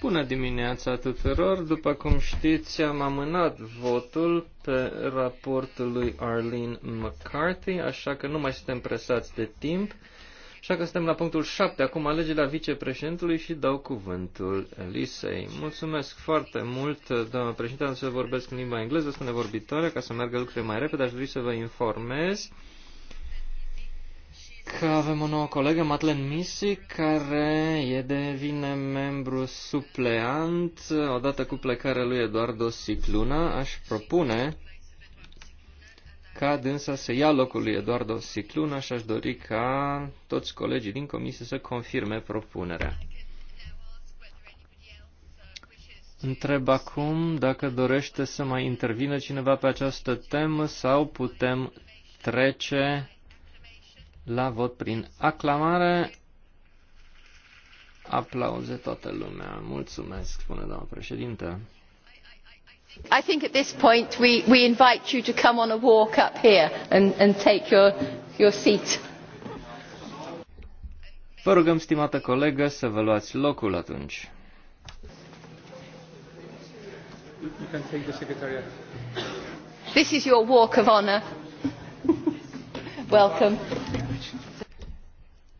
Bună dimineața tuturor! După cum știți, am amânat votul pe raportul lui Arlene McCarthy, așa că nu mai suntem presați de timp. Așa că suntem la punctul 7. Acum alegerea vicepreședintului și dau cuvântul Elisei. Mulțumesc foarte mult, doamnă președinte, am să vorbesc în limba engleză, spune vorbitoare, ca să meargă lucrurile mai repede. Aș dori să vă informez că avem o nouă colegă, Madeleine Misi, care e devine membru supleant odată cu plecarea lui Eduardo Sicluna. Aș propune ca dânsa să ia locul lui Eduardo Sicluna și aș dori ca toți colegii din comisie să confirme propunerea. Întreb acum dacă dorește să mai intervină cineva pe această temă sau putem trece la vot prin aclamare. Aplauze toată lumea. Mulțumesc, spune doamna președinte. I think at this point we, we invite you to come on a walk up here and, and take your, your seat. Vă rugăm, stimată colegă, să vă luați locul atunci. This is your walk of honor. Welcome.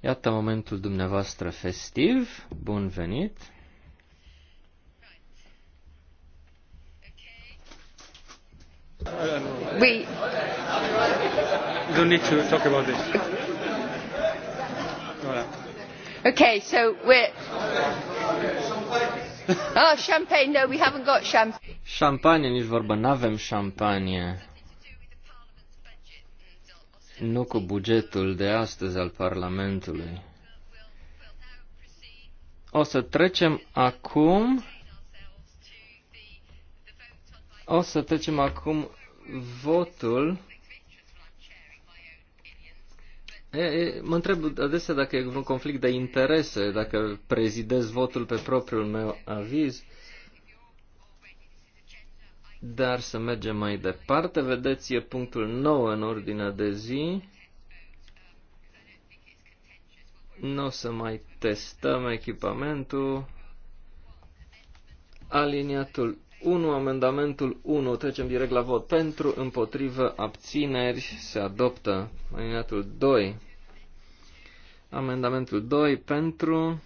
Iată momentul dumneavoastră festiv. Bun venit! We don't need to talk about this. Okay, so we're Oh, champagne. No, we haven't got champagne. Champagne, nici vorbă, n-avem champagne nu cu bugetul de astăzi al Parlamentului. O să trecem acum o să trecem acum votul. E, e, mă întreb adesea dacă e un conflict de interese, dacă prezidez votul pe propriul meu aviz. Uh, dar să mergem mai departe, vedeți, e punctul 9 în ordinea de zi. Nu o să mai testăm echipamentul. Aliniatul 1, amendamentul 1, trecem direct la vot. Pentru, împotrivă, abțineri, se adoptă. Aliniatul 2. Amendamentul 2, pentru,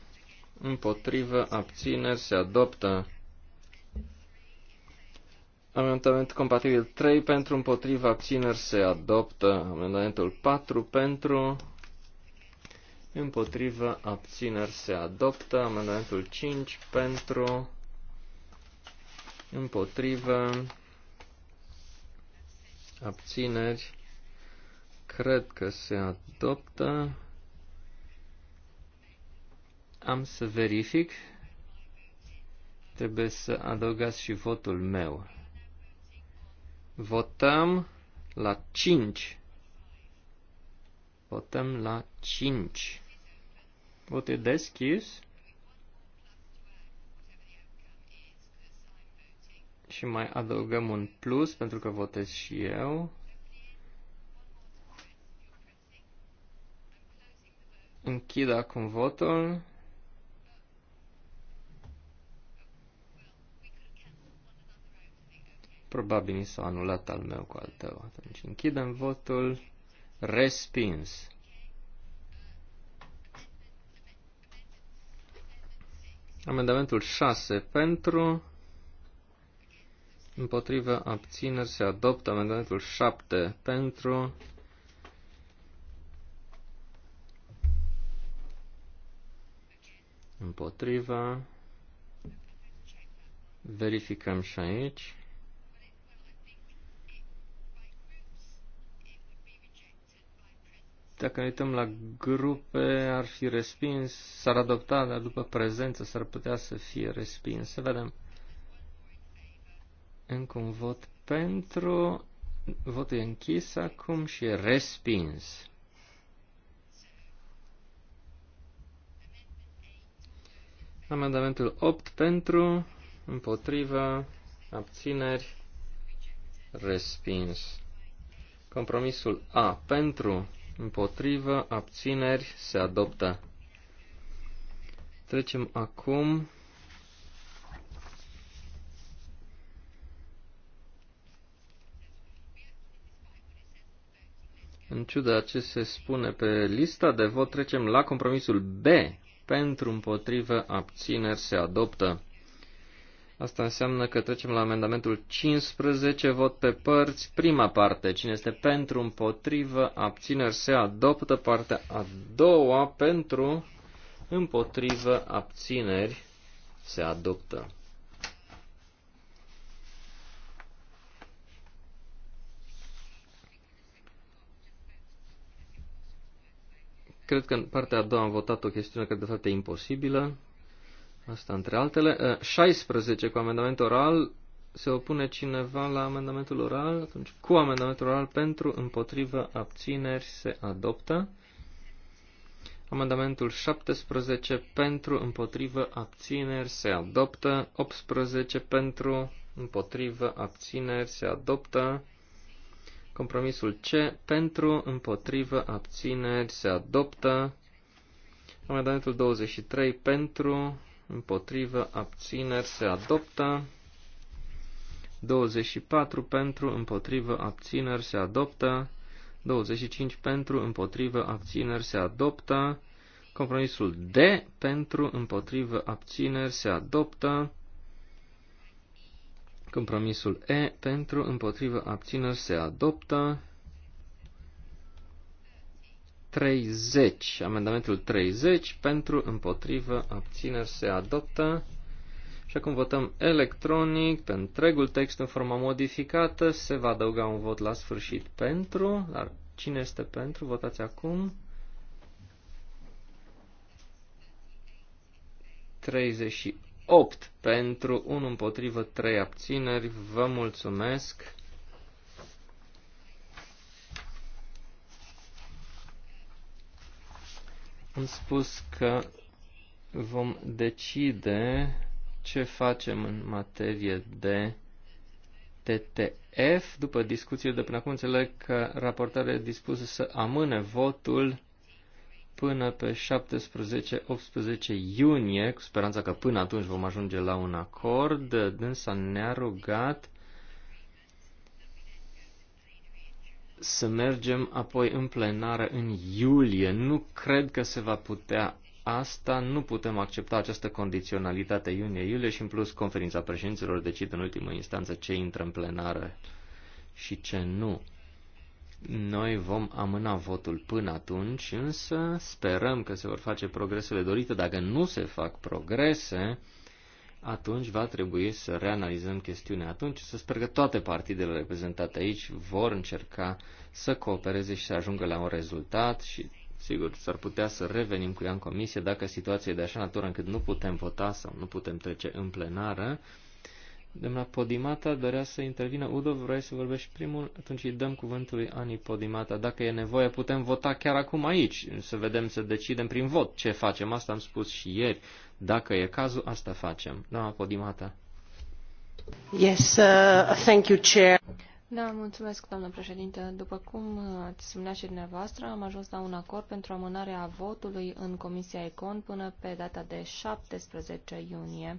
împotrivă, abțineri, se adoptă. Amendamentul compatibil 3 pentru împotriva abțineri se adoptă. Amendamentul 4 pentru împotriva abțineri se adoptă. Amendamentul 5 pentru împotriva abțineri cred că se adoptă. Am să verific. Trebuie să adăugați și votul meu. Votăm la 5. Votăm la 5. Vot e deschis. Și mai adăugăm un plus pentru că votez și eu. Închid acum votul. Probabil mi s-a anulat al meu cu al tău. Atunci închidem votul. Respins. Amendamentul 6 pentru, împotrivă abțineri se adoptă amendamentul 7 pentru, împotriva, verificăm și aici. Dacă ne uităm la grupe, ar fi respins, s-ar adopta, dar după prezență s-ar putea să fie respins. Să vedem. Încă un vot pentru. Votul e închis acum și e respins. Amendamentul 8 pentru, împotriva, abțineri, respins. Compromisul A pentru, împotrivă, abțineri, se adoptă. Trecem acum În ciuda ce se spune pe lista de vot, trecem la compromisul B. Pentru împotrivă abțineri se adoptă. Asta înseamnă că trecem la amendamentul 15, vot pe părți, prima parte. Cine este pentru, împotrivă, abțineri, se adoptă. Partea a doua, pentru, împotrivă, abțineri, se adoptă. Cred că în partea a doua am votat o chestiune care de fapt e imposibilă. Asta între altele. 16 eh, cu amendament oral. Se opune cineva la amendamentul oral? Atunci, cu amendamentul oral pentru, împotrivă, abțineri se adoptă. Amendamentul 17 pentru, împotrivă, abțineri se adoptă. 18 pentru, împotrivă, abțineri se adoptă. Compromisul C pentru, împotrivă, abțineri se adoptă. Amendamentul 23 pentru, împotrivă, abțineri, se adoptă. 24 pentru, împotrivă, abțineri, se adoptă. 25 pentru, împotrivă, abțineri, se adoptă. Compromisul D pentru, împotrivă, abțineri, se adoptă. Compromisul E pentru, împotrivă, abțineri, se adoptă. 30, amendamentul 30, pentru, împotrivă, abțineri se adoptă. Și acum votăm electronic pe întregul text în forma modificată. Se va adăuga un vot la sfârșit pentru, dar cine este pentru? Votați acum. 38 pentru, 1 împotrivă, 3 abțineri. Vă mulțumesc. Am spus că vom decide ce facem în materie de TTF. După discuție de până acum, înțeleg că raportarea e dispusă să amâne votul până pe 17-18 iunie, cu speranța că până atunci vom ajunge la un acord. Dânsa ne-a rugat să mergem apoi în plenară în iulie. Nu cred că se va putea asta, nu putem accepta această condiționalitate iunie-iulie și în plus conferința președinților decide în ultimă instanță ce intră în plenară și ce nu. Noi vom amâna votul până atunci, însă sperăm că se vor face progresele dorite. Dacă nu se fac progrese, atunci va trebui să reanalizăm chestiunea. Atunci să sper că toate partidele reprezentate aici vor încerca să coopereze și să ajungă la un rezultat și, sigur, s-ar putea să revenim cu ea în comisie dacă situația e de așa natură încât nu putem vota sau nu putem trece în plenară. Domnul Podimata dorea să intervină. Udo, vrei să vorbești primul? Atunci îi dăm cuvântul lui Ani Podimata. Dacă e nevoie, putem vota chiar acum aici. Să vedem, să decidem prin vot ce facem. Asta am spus și ieri. Dacă e cazul, asta facem. Doamna Podimata. Yes, uh, thank you, Chair. Da, mulțumesc, doamnă președinte. După cum ați spunea și dumneavoastră, am ajuns la un acord pentru amânarea votului în Comisia Econ până pe data de 17 iunie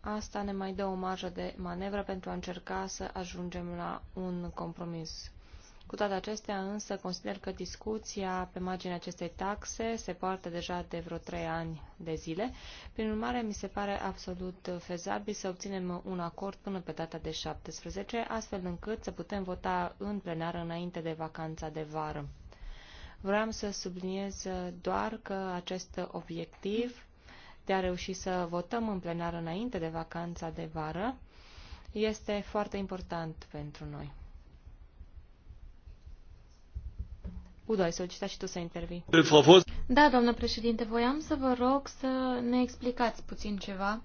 Asta ne mai dă o marjă de manevră pentru a încerca să ajungem la un compromis. Cu toate acestea, însă, consider că discuția pe marginea acestei taxe se poartă deja de vreo trei ani de zile. Prin urmare, mi se pare absolut fezabil să obținem un acord până pe data de 17, astfel încât să putem vota în plenară înainte de vacanța de vară. Vreau să subliniez doar că acest obiectiv de a reuși să votăm în plenar înainte de vacanța de vară este foarte important pentru noi. Udo, ai solicitat și tu să intervii. Da, doamnă președinte, voiam să vă rog să ne explicați puțin ceva.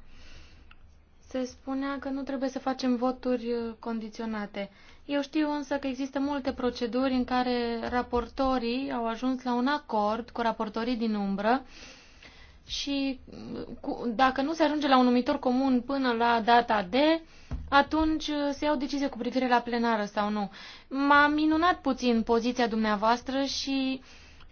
Se spunea că nu trebuie să facem voturi uh, condiționate. Eu știu însă că există multe proceduri în care raportorii au ajuns la un acord cu raportorii din umbră uh, și cu, dacă nu se ajunge la un numitor comun până la data D, atunci uh, se iau decizie cu privire la plenară sau nu. M-a minunat puțin poziția dumneavoastră și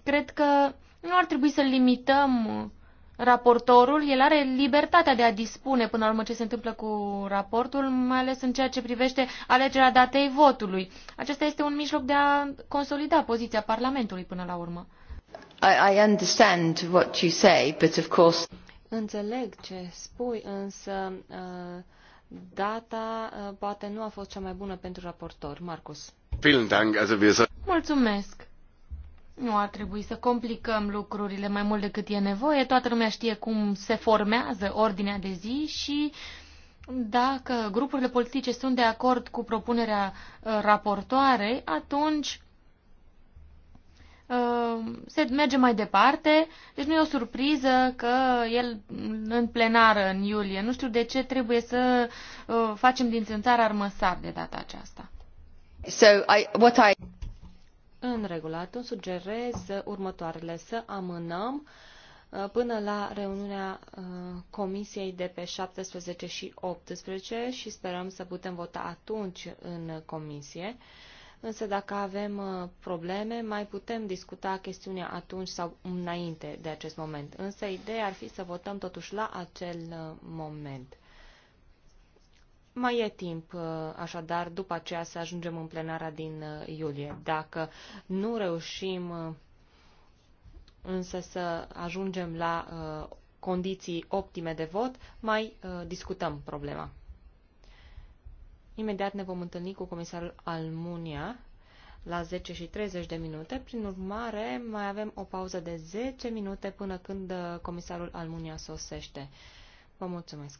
cred că nu ar trebui să limităm raportorul. El are libertatea de a dispune până la urmă ce se întâmplă cu raportul, mai ales în ceea ce privește alegerea datei votului. Acesta este un mijloc de a consolida poziția Parlamentului până la urmă. I, understand what you say, but of course... Înțeleg ce spui, însă uh, data uh, poate nu a fost cea mai bună pentru raportor. Marcus. Mulțumesc. Nu ar trebui să complicăm lucrurile mai mult decât e nevoie. Toată lumea știe cum se formează ordinea de zi și dacă grupurile politice sunt de acord cu propunerea uh, raportoarei, atunci Ehm, se merge mai departe, deci nu e o surpriză că el în plenară în iulie. Nu știu de ce trebuie să uh, facem din țânțar armăsar de data aceasta. So I, what I... În regulă, atunci sugerez următoarele, să amânăm uh, până la reuniunea uh, Comisiei de pe 17 și 18 și sperăm să putem vota atunci în Comisie. Uh, însă dacă avem uh, probleme, mai putem discuta chestiunea atunci sau înainte de acest moment. Însă ideea ar fi să votăm totuși la acel uh, moment. Mai e timp, uh, așadar, după aceea să ajungem în plenara din iulie. Dacă nu reușim însă să ajungem la condiții optime de vot, mai discutăm problema. Imediat ne vom întâlni cu comisarul Almunia la 10 și 30 de minute. Prin urmare, mai avem o pauză de 10 minute până când comisarul Almunia sosește. Vă mulțumesc!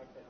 Okay.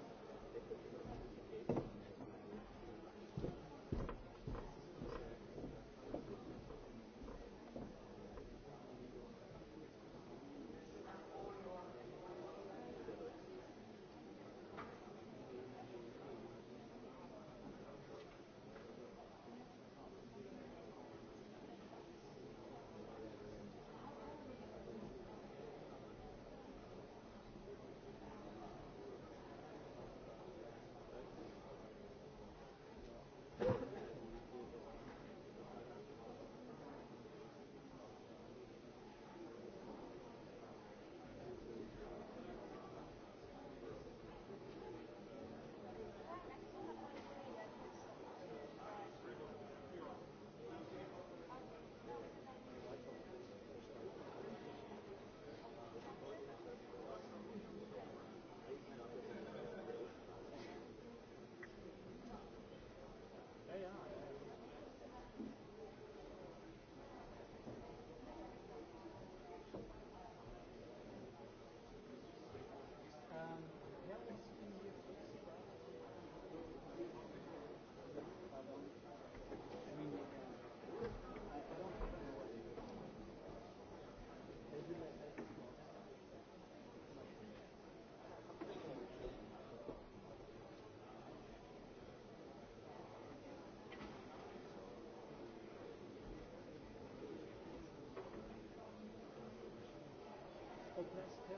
Yeah,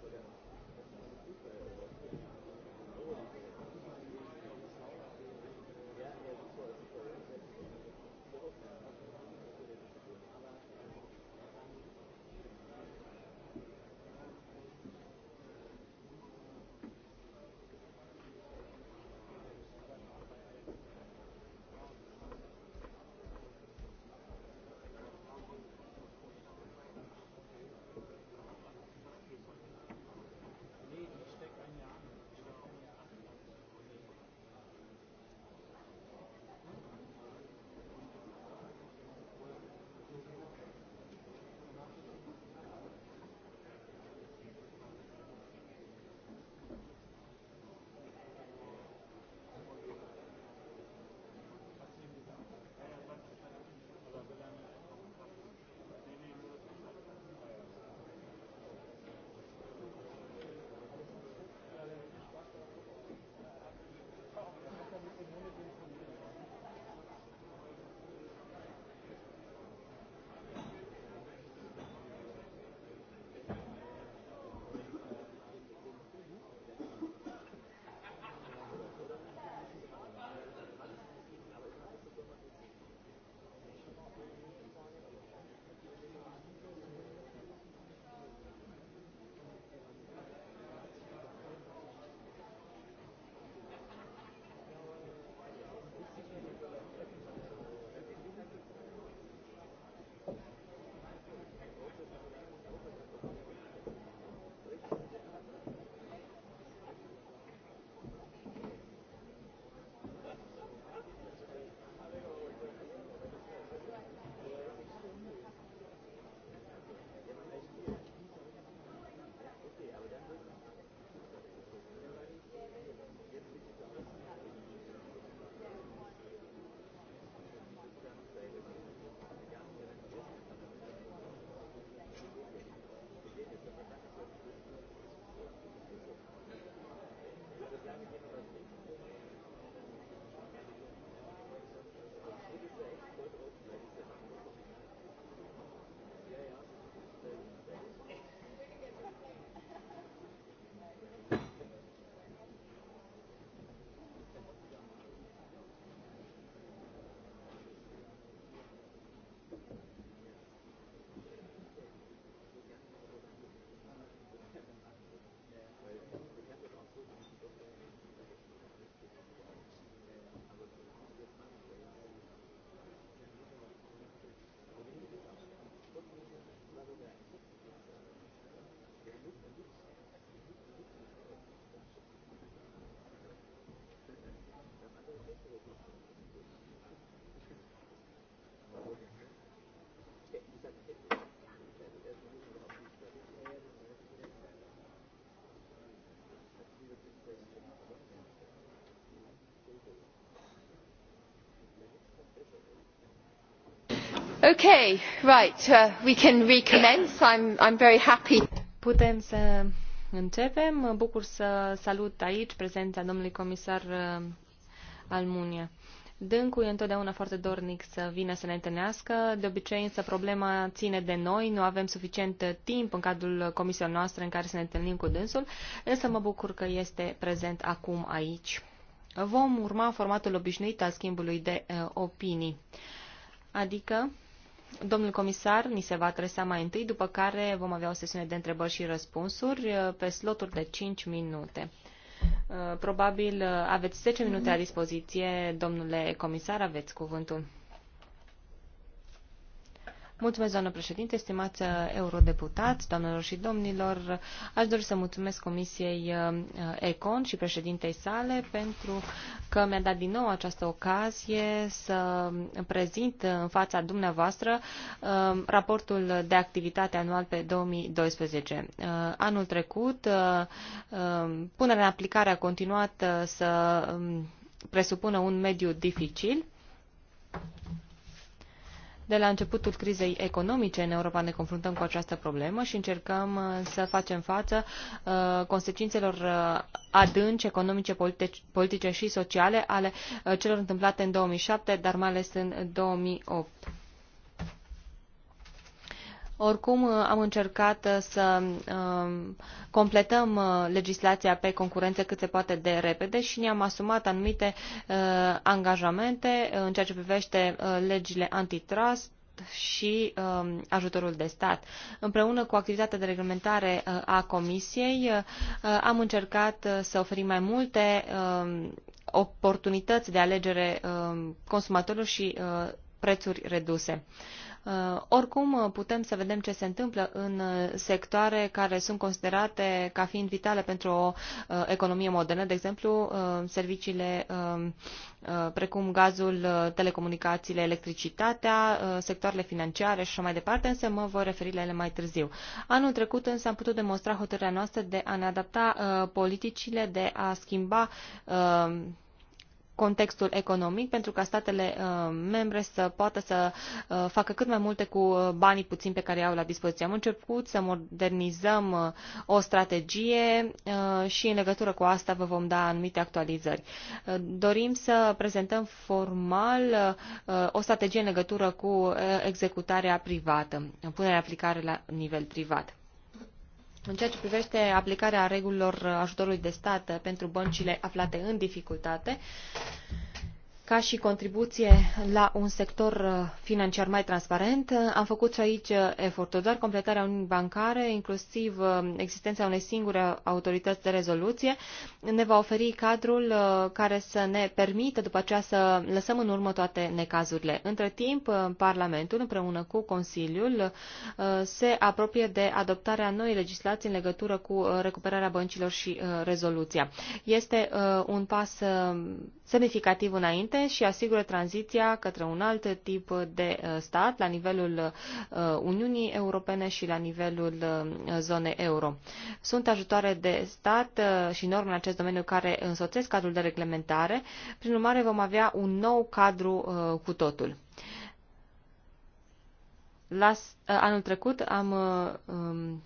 but then right, uh, we can recommence. I'm, very happy. Putem să începem. Mă bucur să salut aici prezența domnului comisar uh, Almunia. Dâncul e întotdeauna foarte dornic să vină să ne întâlnească. De obicei, însă, problema ține de noi. Nu avem suficient timp în cadrul comisiei noastre în care să ne întâlnim cu dânsul, însă mă bucur că este prezent acum aici. Vom urma formatul obișnuit al schimbului de uh, opinii, adică Domnul comisar ni se va adresa mai întâi, după care vom avea o sesiune de întrebări și răspunsuri uh, pe sloturi de 5 minute. Uh, probabil uh, aveți 10 minute la dispoziție, domnule comisar, aveți cuvântul. Mulțumesc, doamnă președinte, stimați uh, eurodeputați, doamnelor și domnilor. Aș dori să mulțumesc Comisiei uh, Econ și președintei sale pentru că mi-a dat din nou această ocazie să prezint în fața dumneavoastră uh, raportul de activitate anual pe 2012. Anul trecut, punerea în aplicare a continuat să um, presupună un mediu dificil de la începutul crizei economice în Europa ne confruntăm cu această problemă și încercăm uh, să facem față uh, consecințelor uh, adânci economice, politice și sociale ale celor întâmplate în 2007, dar mai ales în 2008. Oricum, uh, am încercat uh, să um, completăm uh, legislația pe concurență cât se poate de repede și ne-am asumat anumite angajamente în ceea ce privește legile antitrust și um, ajutorul de stat. Împreună cu activitatea de reglementare uh, a Comisiei, uh, am încercat uh, să oferim mai multe uh, oportunități de alegere uh, consumatorilor și uh, prețuri reduse. Uh, Uh, oricum, uh, putem să vedem ce se întâmplă în uh, sectoare care sunt considerate ca fiind vitale pentru o economie modernă, de exemplu, serviciile um, precum gazul, telecomunicațiile, electricitatea, sectoarele financiare și așa mai departe, însă mă voi referi la ele mai târziu. Anul trecut însă am putut demonstra hotărârea noastră de a ne adapta politicile, de a schimba contextul economic pentru ca statele uh, membre să poată să uh, facă cât mai multe cu uh, banii puțin pe care au la dispoziție. Am început să modernizăm o strategie și în legătură cu asta vă vom da anumite actualizări. Dorim să prezentăm formal o strategie în legătură cu executarea privată, punerea aplicare la nivel privat. În ceea ce privește aplicarea regulilor ajutorului de stat pentru băncile aflate în dificultate, ca și contribuție la un sector uh, financiar mai transparent. Uh, am făcut și aici uh, eforturi, doar completarea unii bancare, inclusiv existența unei singure autorități de rezoluție, ne va oferi cadrul care să ne permită după aceea să lăsăm în urmă toate necazurile. Între timp, Parlamentul împreună cu Consiliul se apropie de adoptarea noii legislații în legătură cu recuperarea băncilor și rezoluția. Este un pas semnificativ înainte permite și asigură tranziția către un alt tip de uh, stat la nivelul uh, Uniunii Europene și la nivelul uh, zonei euro. Sunt ajutoare de stat și norme în acest domeniu care însoțesc cadrul de reglementare, prin urmare vom avea un nou cadru cu totul. Las, anul trecut am um,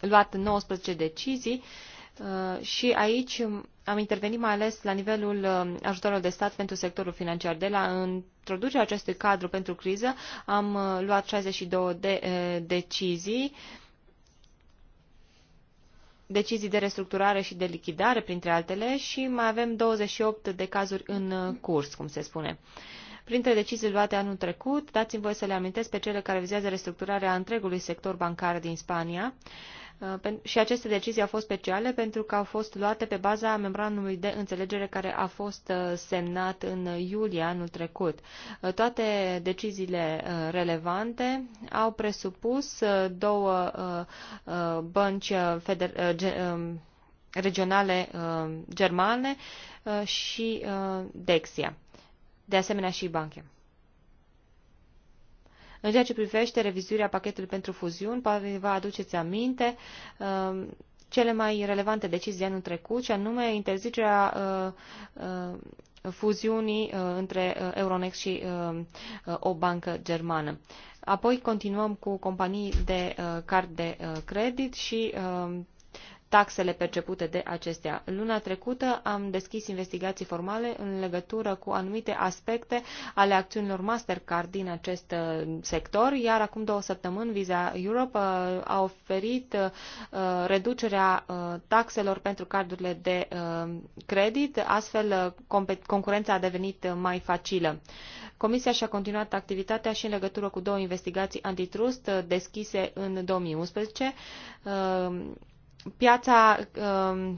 luat 19 decizii uh, Uh, și aici am intervenit mai ales la nivelul uh, ajutorului de stat pentru sectorul financiar. De la introducerea acestui cadru pentru criză am uh, luat 62 de decizii decizii de restructurare și de lichidare, printre altele, și mai avem 28 de cazuri în curs, cum se spune. Printre decizii luate anul trecut, dați-mi voie să le amintesc pe cele care vizează restructurarea întregului sector bancar din Spania, Uh, și aceste decizii au fost speciale pentru că au fost luate pe baza membranului de înțelegere care a fost uh, semnat în iulie anul trecut. Uh, toate deciziile relevante au presupus două bănci regionale germane și Dexia, de asemenea și banche. În ceea ce privește revizuirea pachetului pentru fuziuni, poate vă aduceți aminte um, cele mai relevante decizii anul trecut, și anume interzicerea uh, uh, fuziunii uh, între Euronext și o bancă germană. Apoi continuăm cu companii de card de credit și um, taxele percepute de acestea. Luna trecută am deschis investigații formale în legătură cu anumite aspecte ale acțiunilor Mastercard din acest uh, sector, iar acum două săptămâni Visa Europe uh, a oferit uh, reducerea taxelor pentru cardurile de credit, astfel concurența a devenit mai facilă. Comisia și-a continuat activitatea și în legătură cu două investigații antitrust deschise în 2011 piața uh,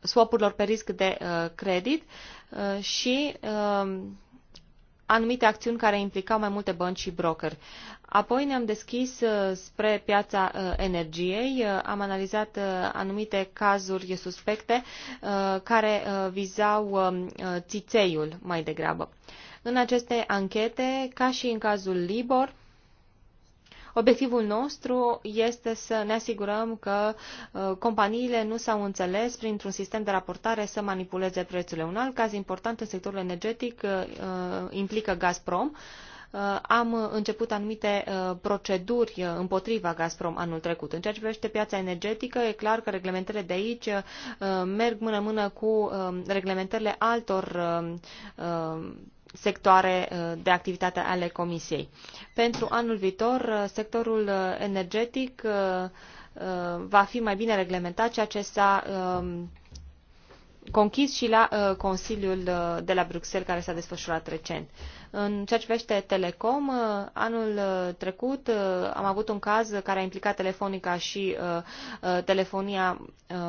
swapurilor pe risc de uh, credit uh, și uh, anumite acțiuni care implicau mai multe bănci și brokeri. Apoi ne-am deschis uh, spre piața uh, energiei, uh, am analizat anumite cazuri suspecte care vizau um, țițeiul mai degrabă. În aceste anchete, ca și în cazul Libor, Obiectivul nostru este să ne asigurăm că uh, companiile nu s-au înțeles printr-un sistem de raportare să manipuleze prețurile. Un alt caz important în sectorul energetic uh, uh, implică Gazprom am început anumite proceduri împotriva Gazprom anul trecut. În ceea ce privește piața energetică, e clar că reglementările de aici merg mână-mână cu reglementările altor sectoare uh, de activitate ale Comisiei. Pentru anul viitor, uh, sectorul uh, energetic va fi mai bine reglementat, ceea ce s-a um, conchis și la uh, Consiliul uh, de la Bruxelles care s-a desfășurat recent. În ceea ce privește Telecom, uh, anul uh, trecut uh, am avut un caz care a implicat Telefonica și uh, uh, telefonia,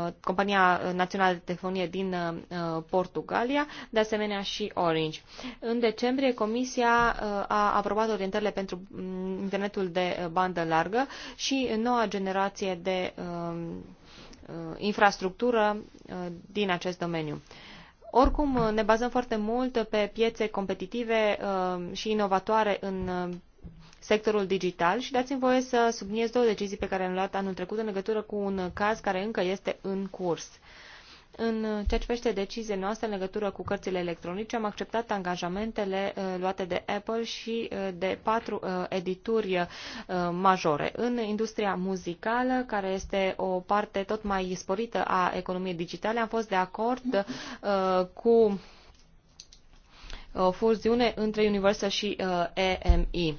uh, Compania Națională de Telefonie din uh, uh Portugalia, de asemenea și Orange. În decembrie, Comisia uh, a aprobat orientările pentru mm, internetul de uh, bandă largă și noua generație de uh, Uh, infrastructură uh, din acest domeniu. Oricum, uh, ne bazăm foarte mult pe piețe competitive și inovatoare în sectorul digital și dați-mi voie să subliniez două decizii pe care le-am luat anul trecut în legătură cu un caz care încă este în curs. În ceea ce privește deciziile noastre în legătură cu cărțile electronice, am acceptat angajamentele uh, luate de Apple și uh, de patru uh, edituri majore. În industria muzicală, care este o parte tot mai sporită a economiei digitale, am fost de acord cu o fuziune între Universal și EMI.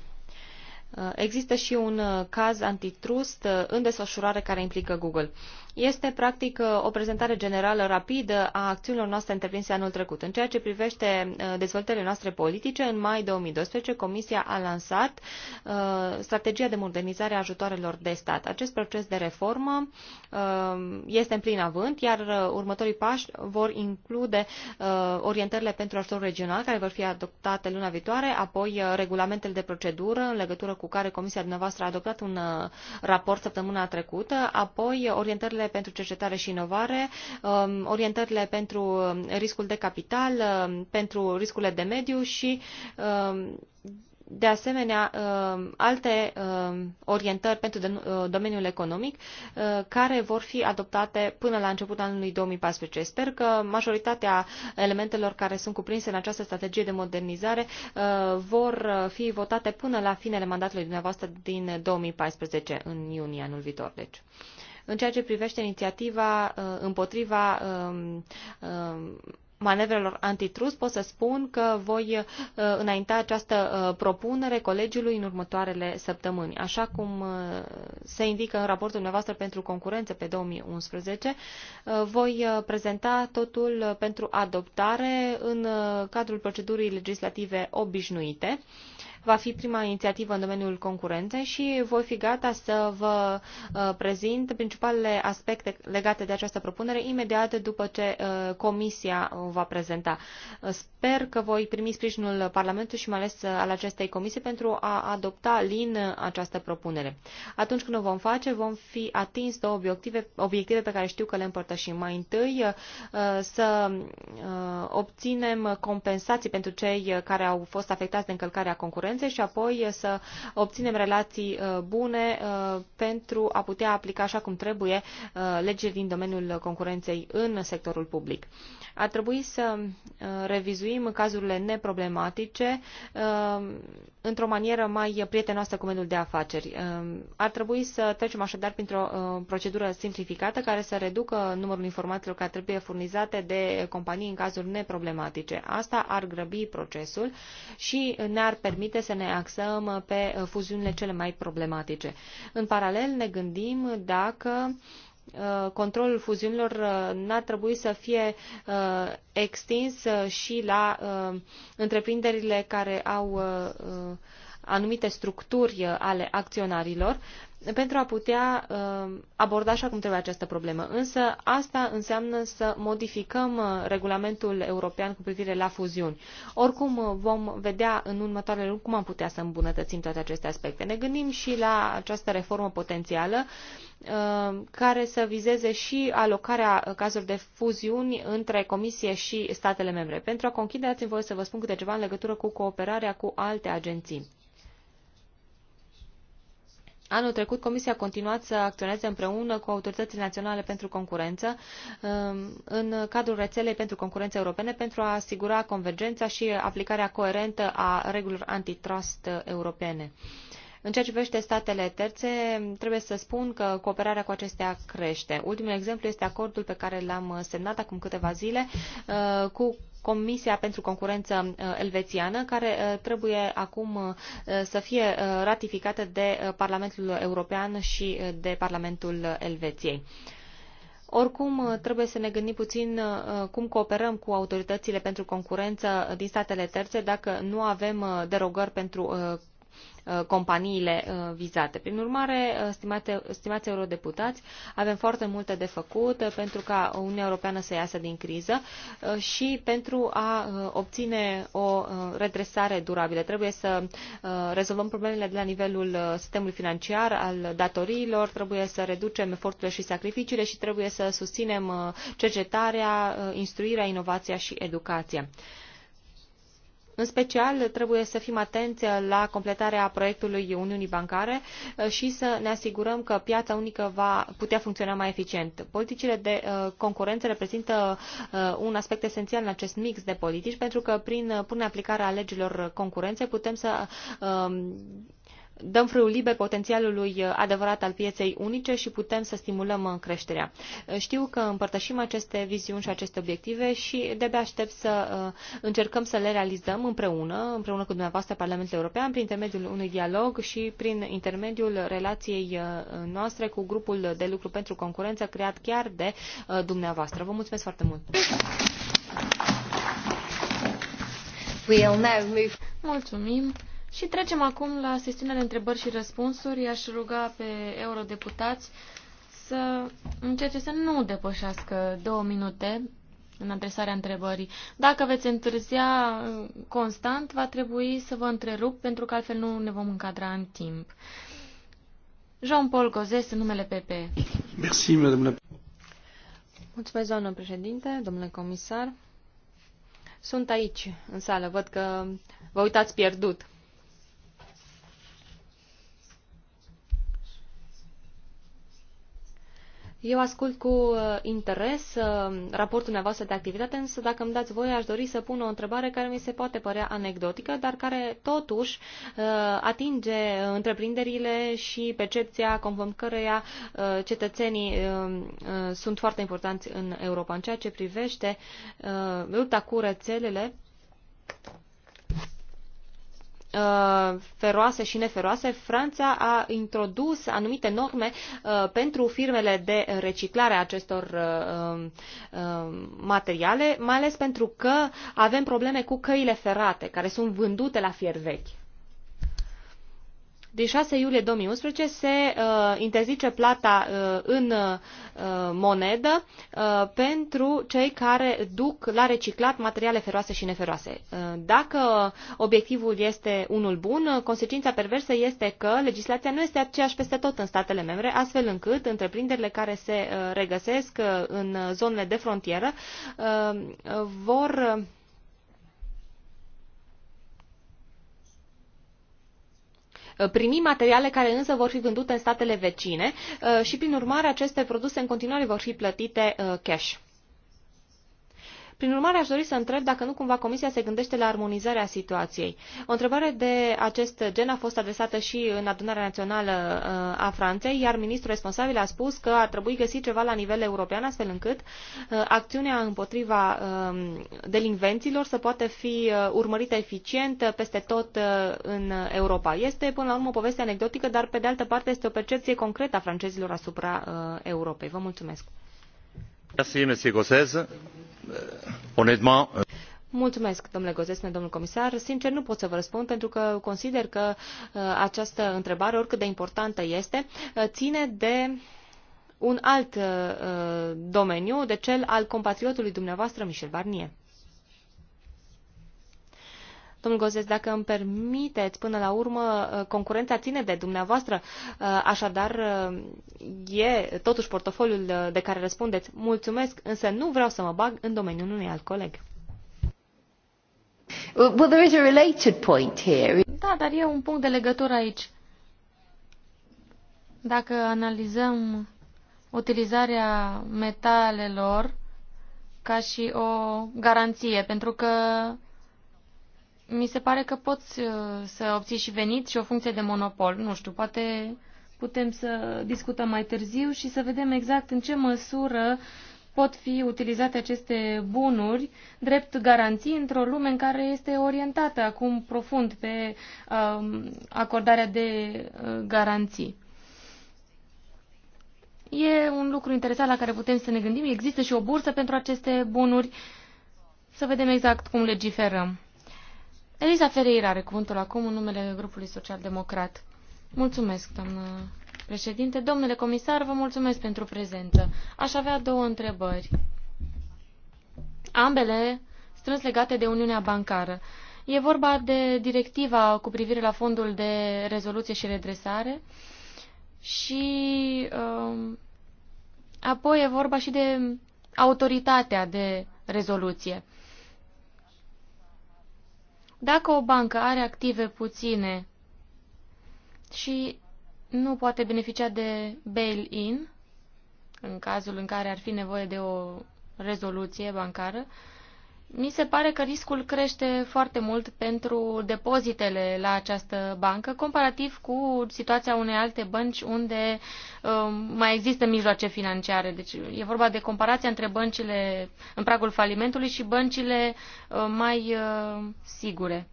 Există și un caz antitrust în desfășurare care implică Google este practic o prezentare generală rapidă a acțiunilor noastre întreprinse anul trecut. În ceea ce privește uh, dezvoltările noastre politice, în mai 2012 Comisia a lansat uh, strategia de modernizare a ajutoarelor de stat. Acest proces de reformă uh, este în plin avânt, iar uh, următorii pași vor include uh, orientările pentru ajutor regional, care vor fi adoptate luna viitoare, apoi uh, regulamentele de procedură în legătură cu care Comisia dumneavoastră a adoptat un raport săptămâna trecută, apoi orientările orientările pentru cercetare și inovare, um, orientările pentru um, riscul de capital, um, pentru riscurile de mediu și de asemenea alte orientări pentru uh, domeniul economic uh, care vor fi adoptate până la începutul anului 2014. Sper că majoritatea elementelor care sunt cuprinse în această strategie de modernizare uh, vor fi votate până la finele mandatului dumneavoastră din 2014, în iunie anul viitor. Deci. În ceea ce privește inițiativa uh, împotriva um, um, manevrelor antitrust, pot să spun că voi uh, înainta această uh, propunere colegiului în următoarele săptămâni. Așa cum se indică în raportul dumneavoastră pentru concurență pe 2011, voi prezenta totul pentru adoptare în cadrul procedurii legislative obișnuite. Va fi prima inițiativă în domeniul concurenței și voi fi gata să vă uh, prezint principalele aspecte legate de această propunere imediat după ce uh, Comisia o va prezenta. Uh, sper că voi primi sprijinul Parlamentului și mai ales al acestei comisii pentru a adopta lin această propunere. Atunci când o vom face, vom fi atins două obiective, obiective pe care știu că le împărtășim. Mai întâi, să obținem compensații pentru cei care au fost afectați de încălcarea concurenței competențe și apoi să obținem relații uh, bune uh, pentru a putea aplica așa cum trebuie uh, legile din domeniul concurenței în sectorul public. Ar trebui să revizuim cazurile neproblematice într-o manieră mai prietenoasă cu mediul de afaceri. Ar trebui să trecem așadar printr-o procedură simplificată care să reducă numărul informațiilor care trebuie furnizate de companii în cazuri neproblematice. Asta ar grăbi procesul și ne-ar permite să ne axăm uh, pe uh, fuziunile cele mai problematice. În paralel ne gândim dacă uh, controlul fuziunilor n-ar trebui să fie extins și la întreprinderile care au anumite structuri ale acționarilor pentru a putea uh, aborda așa cum trebuie această problemă. Însă asta înseamnă să modificăm uh, regulamentul european cu privire la fuziuni. Oricum uh, vom vedea în următoarele luni cum am putea să îmbunătățim toate aceste aspecte. Ne gândim și la această reformă potențială care să vizeze și alocarea cazurilor de fuziuni între Comisie și statele membre. Pentru a conchide, ați mi voie să vă spun câte ceva în legătură cu cooperarea cu alte agenții. Anul trecut, Comisia a continuat să acționeze împreună cu autoritățile naționale pentru concurență um, în cadrul rețelei pentru concurență europene pentru a asigura convergența și aplicarea coerentă a regulilor antitrust europene. În ceea ce privește statele terțe, trebuie să spun că cooperarea cu acestea crește. Ultimul exemplu este acordul pe care l-am semnat acum câteva zile uh, cu Comisia pentru Concurență uh, Elvețiană, care uh, trebuie acum să fie ratificată de Parlamentul European și de Parlamentul Elveției. Oricum, trebuie să ne gândim puțin cum cooperăm cu autoritățile pentru concurență din statele terțe dacă nu avem derogări pentru Uh, companiile uh, vizate. Prin urmare, uh, stimate, stimați eurodeputați, avem foarte multe de făcut pentru ca Uniunea Europeană să iasă din criză și pentru a obține o redresare durabilă. Trebuie să rezolvăm problemele de la nivelul sistemului financiar, al datoriilor, trebuie să reducem eforturile și sacrificiile și trebuie să susținem cercetarea, instruirea, inovația și educația. În special, trebuie să fim atenți la completarea proiectului Uniunii Bancare uh, și să ne asigurăm că piața unică va putea funcționa mai eficient. Politicile de uh, concurență reprezintă uh, un aspect esențial în acest mix de politici, pentru că prin punerea aplicare a legilor concurenței putem să dăm frâul liber potențialului uh, adevărat al pieței unice și putem să stimulăm uh, creșterea. Uh, știu că împărtășim aceste viziuni și aceste obiective și de-abia aștept să încercăm să le realizăm împreună, împreună cu dumneavoastră Parlamentul European, prin intermediul unui dialog și prin intermediul relației noastre cu grupul de lucru pentru concurență creat chiar de dumneavoastră. Vă mulțumesc foarte mult! We'll now move. Mulțumim! Și trecem acum la sesiunea de întrebări și răspunsuri. Aș ruga pe eurodeputați să încerce să nu depășească două minute în adresarea întrebării. Dacă veți întârzia constant, va trebui să vă întrerup, pentru că altfel nu ne vom încadra în timp. Jean-Paul Gozes, în numele PP. Merci, madame. Mulțumesc, doamnă președinte, domnule comisar. Sunt aici, în sală. Văd că vă uitați pierdut. Eu ascult cu uh, interes uh, raportul dumneavoastră de activitate, însă dacă îmi dați voie, aș dori să pun o întrebare care mi se poate părea anecdotică, dar care totuși uh, atinge întreprinderile și percepția conform căreia cetățenii sunt foarte importanți în Europa. În ceea ce privește lupta cu rețelele, Uh, feroase și neferoase, Franța a introdus anumite norme uh, pentru firmele de reciclare a acestor uh, um, um, materiale, mai ales pentru că avem probleme cu căile ferate, care sunt vândute la fier vechi. Din 6 iulie 2011 se uh, interzice plata uh, în uh, monedă uh, pentru cei care duc la reciclat materiale feroase și neferoase. Uh, dacă obiectivul este unul bun, uh, consecința perversă este că legislația nu este aceeași peste tot în statele membre, astfel încât întreprinderile care se uh, regăsesc uh, în zonele de frontieră uh, uh vor uh, Uh, primi materiale care însă vor fi vândute în statele vecine uh, și, prin urmare, aceste produse în continuare vor fi plătite uh, cash. Prin urmare, aș dori să întreb dacă nu cumva Comisia se gândește la armonizarea situației. O întrebare de acest gen a fost adresată și în adunarea națională uh, a Franței, iar ministrul responsabil a spus că ar trebui găsit ceva la nivel european, astfel încât uh, acțiunea împotriva um, delinvenților să poată fi uh, urmărită eficient peste tot în Europa. Este, până la urmă, o poveste anecdotică, dar, pe de altă parte, este o percepție concretă a francezilor asupra Europei. Vă mulțumesc! Merci, Honnêtement. Euh, Mulțumesc, domnule Gozesne, domnul comisar. Sincer, nu pot să vă răspund pentru că consider că uh, această întrebare, oricât de importantă este, uh, ține de un alt uh, uh domeniu, de cel al compatriotului dumneavoastră, Michel Barnier. Domnul Gozes, dacă îmi permiteți, până la urmă, uh, concurența ține de dumneavoastră, uh, așadar uh, e totuși portofoliul de care răspundeți. Mulțumesc, însă nu vreau să mă bag în domeniul unui alt coleg. Well, there is a related point here. Da, dar e un punct de legătură aici. Dacă analizăm utilizarea metalelor ca și o garanție, pentru că mi se pare că poți uh, să obții și venit și o funcție de monopol. Nu știu, poate putem să discutăm mai târziu și să vedem exact în ce măsură pot fi utilizate aceste bunuri drept garanții într-o lume în care este orientată acum profund pe uh, acordarea de uh, garanții. E un lucru interesant la care putem să ne gândim. Există și o bursă pentru aceste bunuri. Să vedem exact cum legiferăm. Elisa Ferreira are cuvântul acum în numele grupului social-democrat. Mulțumesc, doamnă președinte. Domnule comisar, vă mulțumesc pentru prezență. Aș avea două întrebări. Ambele strâns legate de Uniunea Bancară. E vorba de directiva cu privire la fondul de rezoluție și redresare și uh, apoi e vorba și de autoritatea de rezoluție. Dacă o bancă are active puține și nu poate beneficia de bail-in, în cazul în care ar fi nevoie de o rezoluție bancară, mi se pare că riscul crește foarte mult pentru depozitele la această bancă, comparativ cu situația unei alte bănci unde um, mai există mijloace financiare. Deci e vorba de comparația între băncile în pragul falimentului și băncile uh, mai uh, sigure.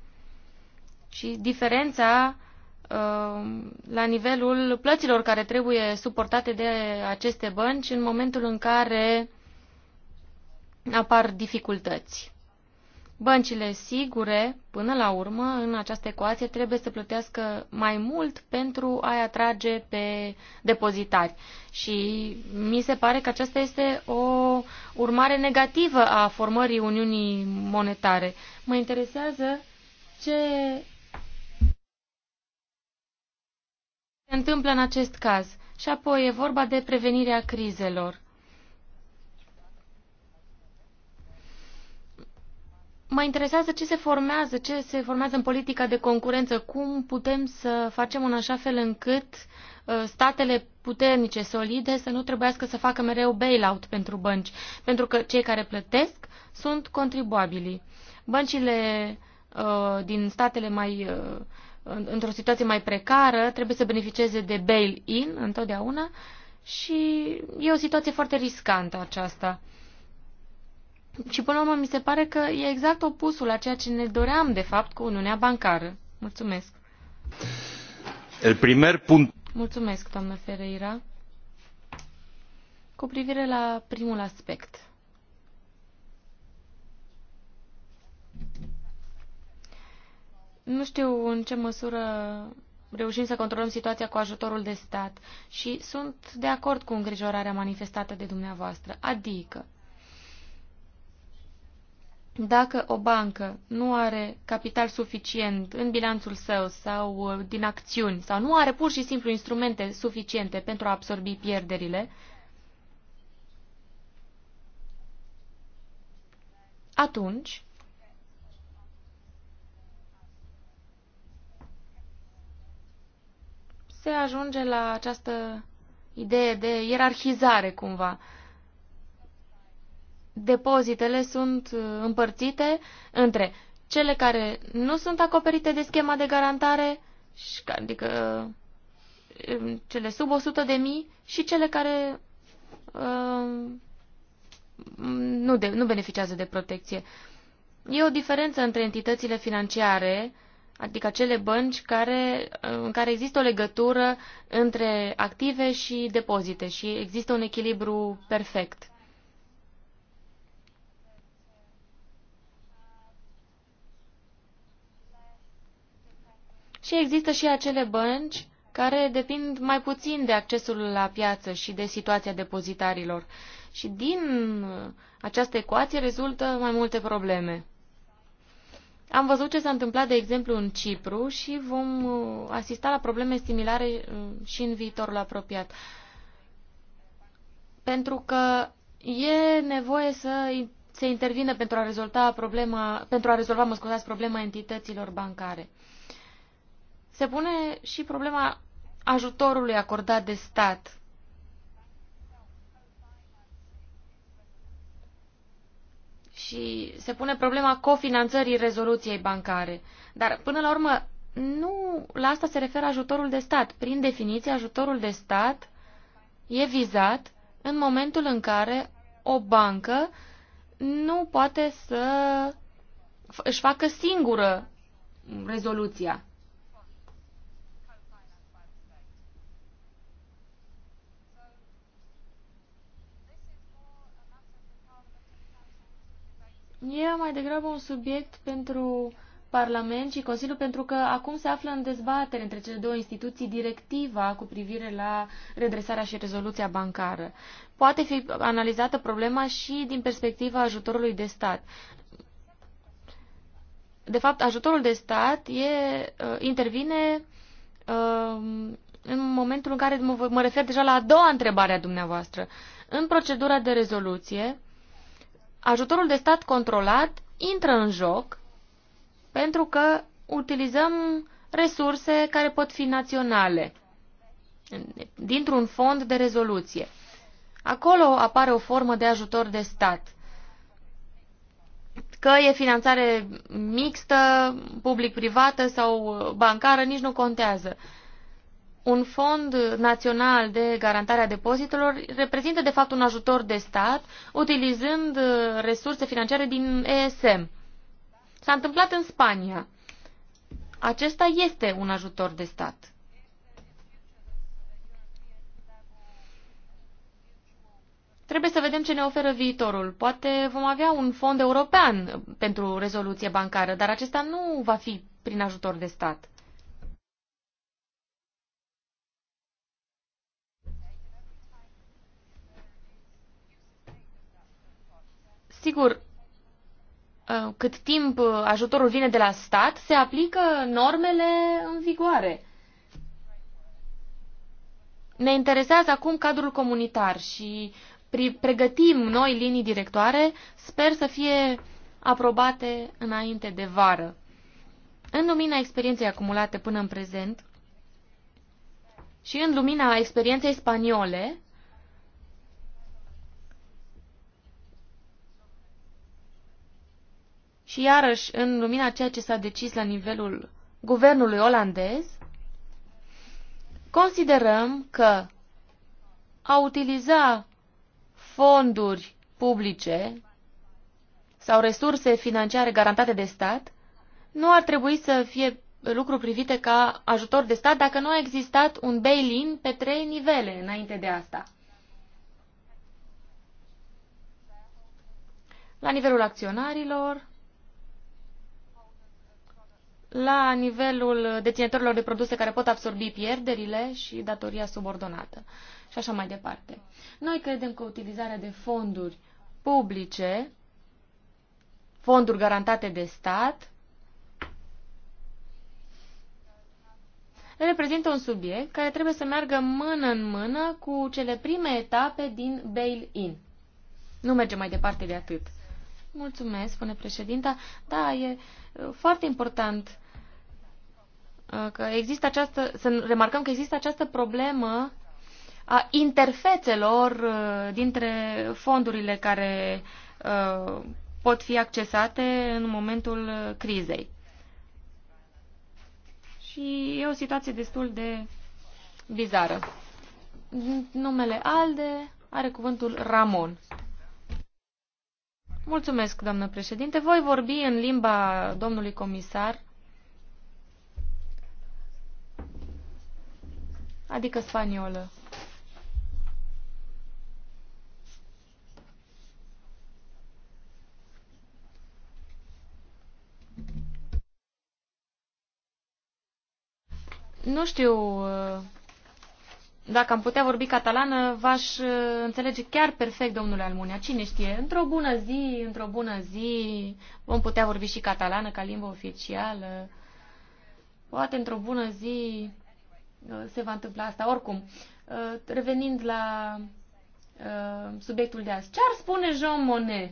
Și diferența um, la nivelul plăților care trebuie suportate de aceste bănci în momentul în care uh, apar dificultăți. Băncile sigure, până la urmă, în această ecuație trebuie să plătească mai mult pentru a-i atrage pe depozitari. Și mi se pare că aceasta este o urmare negativă a formării Uniunii Monetare. Mă interesează ce se întâmplă în acest caz. Și apoi e vorba de prevenirea crizelor. Mă interesează ce se formează, ce se formează în politica de concurență, cum putem să facem în așa fel încât uh, statele puternice, solide, să nu trebuiască să facă mereu bailout pentru bănci, pentru că cei care plătesc sunt contribuabili. Băncile uh, din statele mai uh, într-o situație mai precară trebuie să beneficieze de bail-in întotdeauna și e o situație foarte riscantă aceasta. Și până la urmă mi se pare că e exact opusul la ceea ce ne doream de fapt cu Uniunea Bancară. Mulțumesc. El primer punct. Mulțumesc, doamnă Ferreira. Cu privire la primul aspect. Nu știu în ce măsură reușim să controlăm situația cu ajutorul de stat și sunt de acord cu îngrijorarea manifestată de dumneavoastră. Adică, dacă o bancă nu are capital suficient în bilanțul său sau uh, din acțiuni sau nu are pur și simplu instrumente suficiente pentru a absorbi pierderile, atunci se ajunge la această idee de ierarhizare cumva. Uh, depozitele sunt uh, împărțite între cele care nu sunt acoperite de schema de garantare, adică uh, cele sub 100 de mii și cele care uh, nu, de, nu beneficiază de protecție. E o diferență între entitățile financiare, adică cele bănci care, uh, în care există o legătură între active și depozite și există un echilibru perfect. Și există și acele bănci care depind mai puțin de accesul la piață și de situația depozitarilor. Și din această ecuație rezultă mai multe probleme. Am văzut ce s-a întâmplat, de exemplu, în Cipru și vom uh, asista la probleme similare uh, și în viitorul apropiat. Pentru că e nevoie să se intervine pentru a, rezolva problema, pentru a rezolva mă scuzați, problema entităților bancare se pune și problema ajutorului acordat de stat. Și se pune problema cofinanțării rezoluției bancare. Dar, până la urmă, nu la asta se referă ajutorul de stat. Prin definiție, ajutorul de stat e vizat în momentul în care o bancă nu poate să își facă singură rezoluția. E mai degrabă un subiect pentru Parlament și Consiliu, pentru că acum se află în dezbatere între cele două instituții directiva cu privire la redresarea și rezoluția bancară. Poate fi analizată problema și din perspectiva ajutorului de stat. De fapt, ajutorul de stat e, uh, intervine um, în momentul în care mă refer deja la a doua întrebare a dumneavoastră. În procedura de rezoluție, ajutorul de stat controlat intră în joc pentru că utilizăm resurse care pot fi naționale, dintr-un fond de rezoluție. Acolo apare o formă de ajutor de stat. Că e finanțare mixtă, public-privată sau bancară, nici nu contează un fond național de garantare a depozitelor reprezintă de fapt un ajutor de stat utilizând uh, resurse financiare din ESM. S-a întâmplat în Spania. Acesta este un ajutor de stat. Trebuie să vedem ce ne oferă viitorul. Poate vom avea un fond european pentru rezoluție bancară, dar acesta nu va fi prin ajutor de stat. Sigur, uh, cât timp ajutorul vine de la stat, se aplică normele în vigoare. Ne interesează acum cadrul comunitar și pregătim noi linii directoare, sper să fie aprobate înainte de vară. În lumina experienței acumulate până în prezent și în lumina experienței spaniole, Și iarăși, în lumina ceea ce s-a decis la nivelul guvernului olandez, considerăm că a utiliza fonduri publice sau resurse financiare garantate de stat nu ar trebui să fie lucru privite ca ajutor de stat dacă nu a existat un bail-in pe trei nivele înainte de asta. La nivelul acționarilor, la nivelul deținătorilor de produse care pot absorbi pierderile și datoria subordonată și așa mai departe. Noi credem că utilizarea de fonduri publice, fonduri garantate de stat, reprezintă un subiect care trebuie să meargă mână în mână cu cele prime etape din bail-in. Nu merge mai departe de atât. Mulțumesc, spune președinta. Da, e foarte important Uh, că există această, să remarcăm că există această problemă a interfețelor uh, dintre fondurile care uh, pot fi accesate în momentul crizei. Și e o situație destul de bizară. Numele ALDE are cuvântul Ramon. Mulțumesc, doamnă președinte. Voi vorbi în limba domnului comisar adică spaniolă. Nu știu uh, dacă am putea vorbi catalană, v-aș uh, înțelege chiar perfect, domnule Almunia. Cine știe? Într-o bună zi, într-o bună zi, vom putea vorbi și catalană ca limbă oficială. Poate într-o bună zi Uh, se va întâmpla asta. Oricum, uh, revenind la uh, subiectul de azi, ce ar spune Jean Monnet?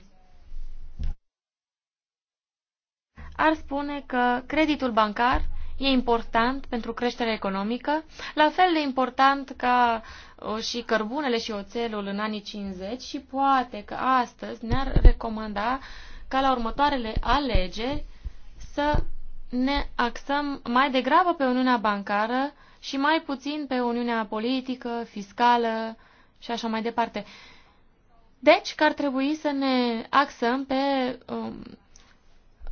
Ar spune că creditul bancar e important pentru creșterea economică, la fel de important ca și cărbunele și oțelul în anii 50 și poate că astăzi ne-ar recomanda ca la următoarele alegeri să ne axăm mai degrabă pe Uniunea Bancară și mai puțin pe Uniunea politică, fiscală și așa mai departe. Deci că ar trebui să ne axăm pe um,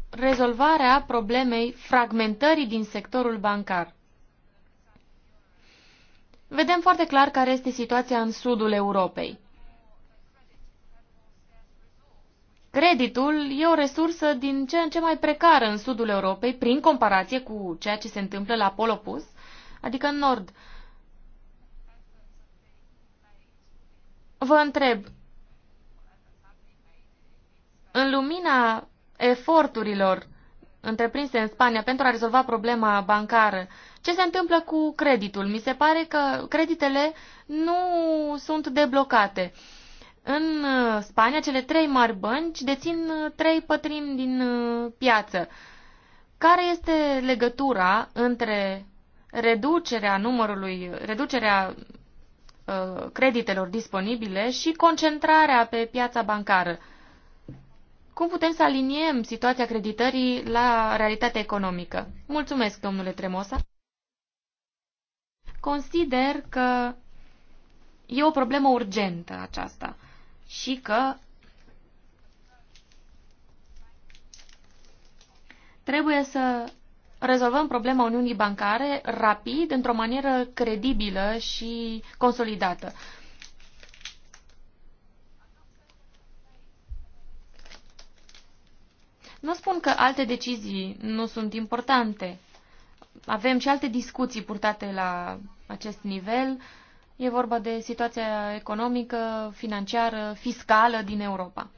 rezolvarea problemei fragmentării din sectorul bancar. Vedem foarte clar care este situația în sudul Europei. Creditul e o resursă din ce în ce mai precară în sudul Europei, prin comparație cu ceea ce se întâmplă la Polopus, adică în nord. Vă întreb, în lumina eforturilor întreprinse în Spania pentru a rezolva problema bancară, ce se întâmplă cu creditul? Mi se pare că creditele nu sunt deblocate. În uh, Spania, cele trei mari bănci dețin uh, trei pătrimi din uh, piață. Care este legătura între reducerea numărului, reducerea uh, creditelor disponibile și concentrarea pe piața bancară. Cum putem să aliniem situația creditării la realitatea economică? Mulțumesc, domnule Tremosa. Consider că e o problemă urgentă aceasta și că trebuie să rezolvăm problema Uniunii Bancare rapid, într-o manieră credibilă și consolidată. Nu spun că alte decizii nu sunt importante. Avem și alte discuții purtate la acest nivel. E vorba de situația economică, financiară, fiscală din Europa.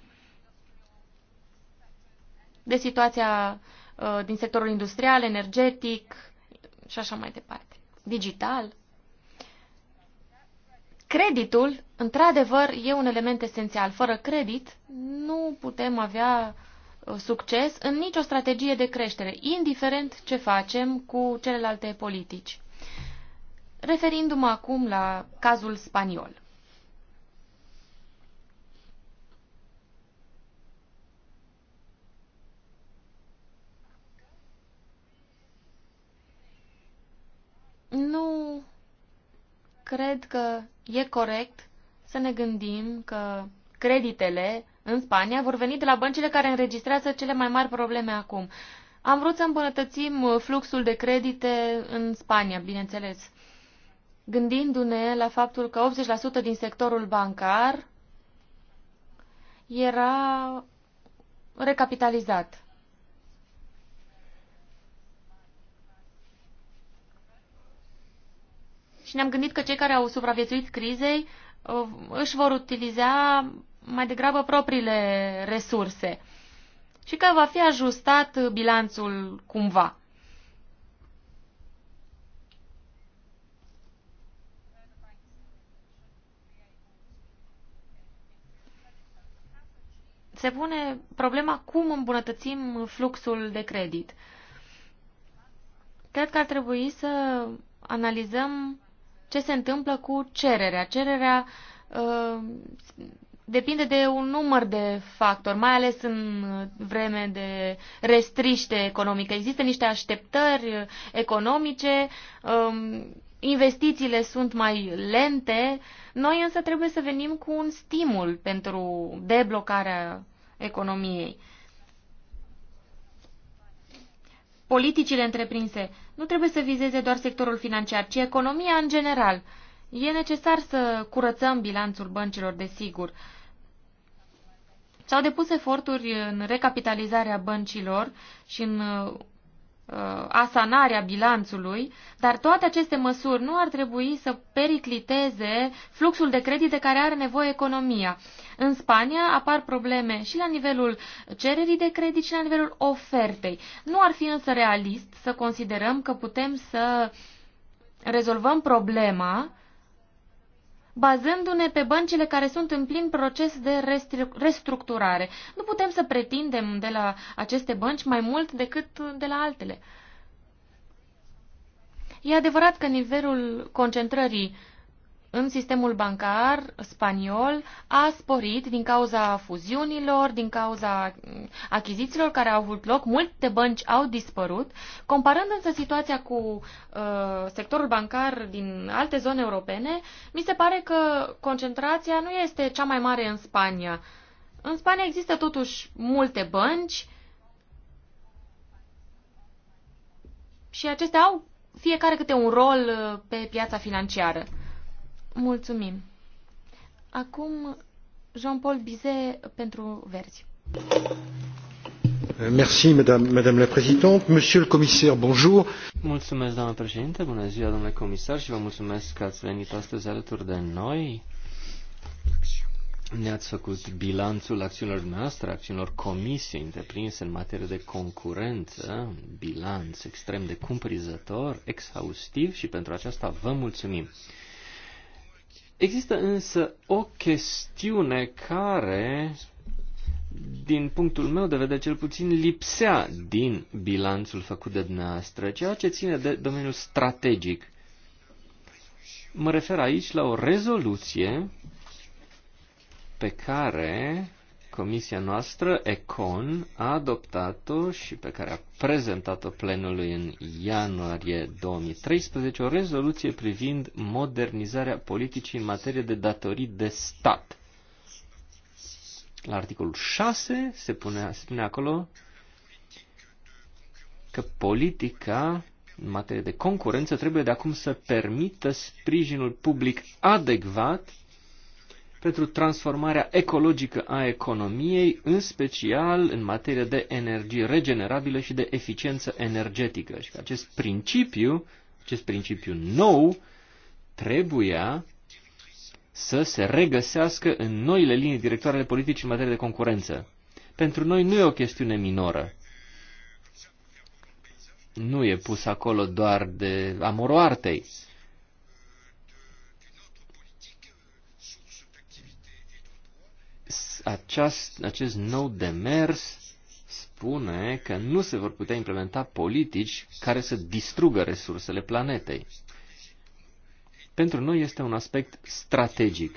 De situația Uh, din sectorul industrial, energetic și așa mai departe, digital. Creditul, într-adevăr, e un element esențial. Fără credit nu putem avea uh, succes în nicio strategie de creștere, indiferent ce facem cu celelalte politici. Referindu-mă acum la cazul spaniol. nu cred că e corect să ne gândim că creditele în Spania vor veni de la băncile care înregistrează cele mai mari probleme acum. Am vrut să îmbunătățim fluxul de credite în Spania, bineînțeles, gândindu-ne la faptul că 80% din sectorul bancar era recapitalizat. și ne-am gândit că cei care au supraviețuit crizei uh, își vor utiliza mai degrabă propriile resurse și că va fi ajustat bilanțul cumva. se pune problema cum îmbunătățim fluxul de credit. Cred că ar trebui să analizăm ce se întâmplă cu cererea. Cererea uh, depinde de un număr de factori, mai ales în vreme de restriște economică. Există niște așteptări economice, uh, investițiile sunt mai lente, noi însă trebuie să venim cu un stimul pentru deblocarea economiei. Politicile întreprinse nu trebuie să vizeze doar sectorul financiar, ci economia în general. E necesar să curățăm bilanțul băncilor, desigur. S-au depus eforturi în recapitalizarea băncilor și în uh, Uh, asanarea bilanțului, dar toate aceste măsuri nu ar trebui să pericliteze fluxul de de care are nevoie economia. În Spania apar probleme și la nivelul cererii de credit și la nivelul ofertei. Nu ar fi însă realist să considerăm că putem să rezolvăm problema bazându-ne pe băncile care sunt în plin proces de restructurare. Nu putem să pretindem de la aceste bănci mai mult decât de la altele. E adevărat că nivelul concentrării în sistemul bancar spaniol a sporit din cauza fuziunilor, din cauza mm, achizițiilor care au avut loc, multe bănci au dispărut. Comparând însă situația cu uh, sectorul bancar din alte zone europene, mi se pare că concentrația nu este cea mai mare în Spania. În Spania există totuși multe bănci și acestea au fiecare câte un rol uh, pe piața financiară. Mulțumim. Acum, Jean-Paul Bizet pentru Verzi. Euh, merci, madame, madame la présidente. Monsieur le commissaire, bonjour. Mulțumesc, doamnă președinte, bună ziua, domnule comisar, și vă mulțumesc că ați venit astăzi alături de noi. Ne-ați făcut bilanțul acțiunilor noastre, acțiunilor comisiei întreprinse în materie de concurență, bilanț extrem de cumprizător, exhaustiv și pentru aceasta vă mulțumim. Există însă o chestiune care, din punctul meu de vedere cel puțin, lipsea din bilanțul făcut de dumneavoastră, ceea ce ține de domeniul strategic. Mă refer aici la o rezoluție pe care Comisia noastră, ECON, a adoptat-o și pe care a prezentat-o plenului în ianuarie 2013, o rezoluție privind modernizarea politicii în materie de datorii de stat. La articolul 6 se pune, se pune acolo că politica în materie de concurență trebuie de acum să permită sprijinul public adecvat pentru transformarea ecologică a economiei, în special în materie de energie regenerabilă și de eficiență energetică. Și acest principiu, acest principiu nou, trebuia să se regăsească în noile linii directoare ale politicii în materie de concurență. Pentru noi nu e o chestiune minoră. Nu e pus acolo doar de amoroartei. aceast, acest nou demers spune că nu se vor putea implementa politici care să distrugă resursele planetei. Pentru noi este un aspect strategic.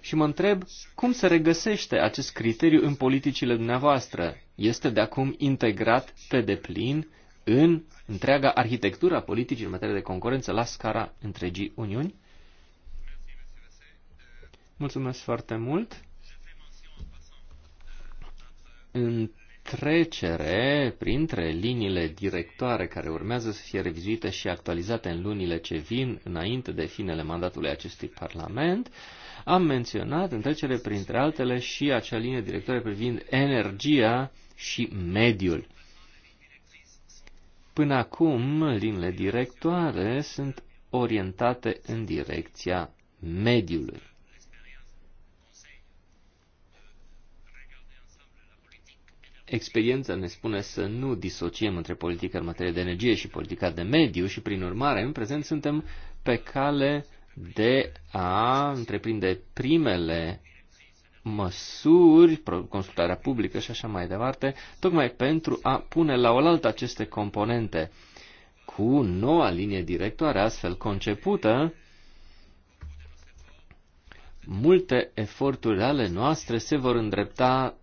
Și mă întreb cum se regăsește acest criteriu în politicile dumneavoastră. Este de acum integrat pe deplin în întreaga arhitectură a politicii în materie de concurență la scara întregii Uniuni? Mulțumesc foarte mult! în trecere printre liniile directoare care urmează să fie revizuite și actualizate în lunile ce vin înainte de finele mandatului acestui Parlament, am menționat în trecere printre altele și acea linie directoare privind energia și mediul. Până acum, liniile directoare sunt orientate în direcția mediului. Experiența ne spune să nu disociem între politica în materie de energie și politica de mediu și, prin urmare, în prezent suntem pe cale de a întreprinde primele măsuri, consultarea publică și așa mai departe, tocmai pentru a pune la oaltă aceste componente cu noua linie directoare astfel concepută, multe eforturi ale noastre se vor îndrepta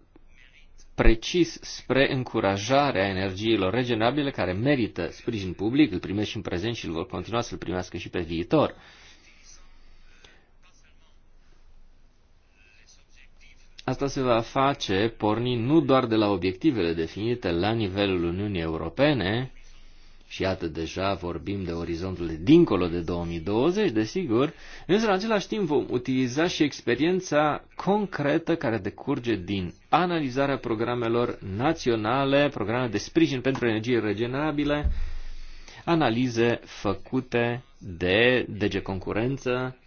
precis spre încurajarea energiilor regenerabile care merită sprijin public, îl primesc și în prezent și îl vor continua să-l primească și pe viitor. Asta se va face pornind nu doar de la obiectivele definite la nivelul Uniunii Europene, și iată deja vorbim de orizontul de dincolo de 2020, desigur, însă în același timp vom utiliza și experiența concretă care decurge din analizarea programelor naționale, programe de sprijin pentru energie regenerabile, analize făcute de DG Concurență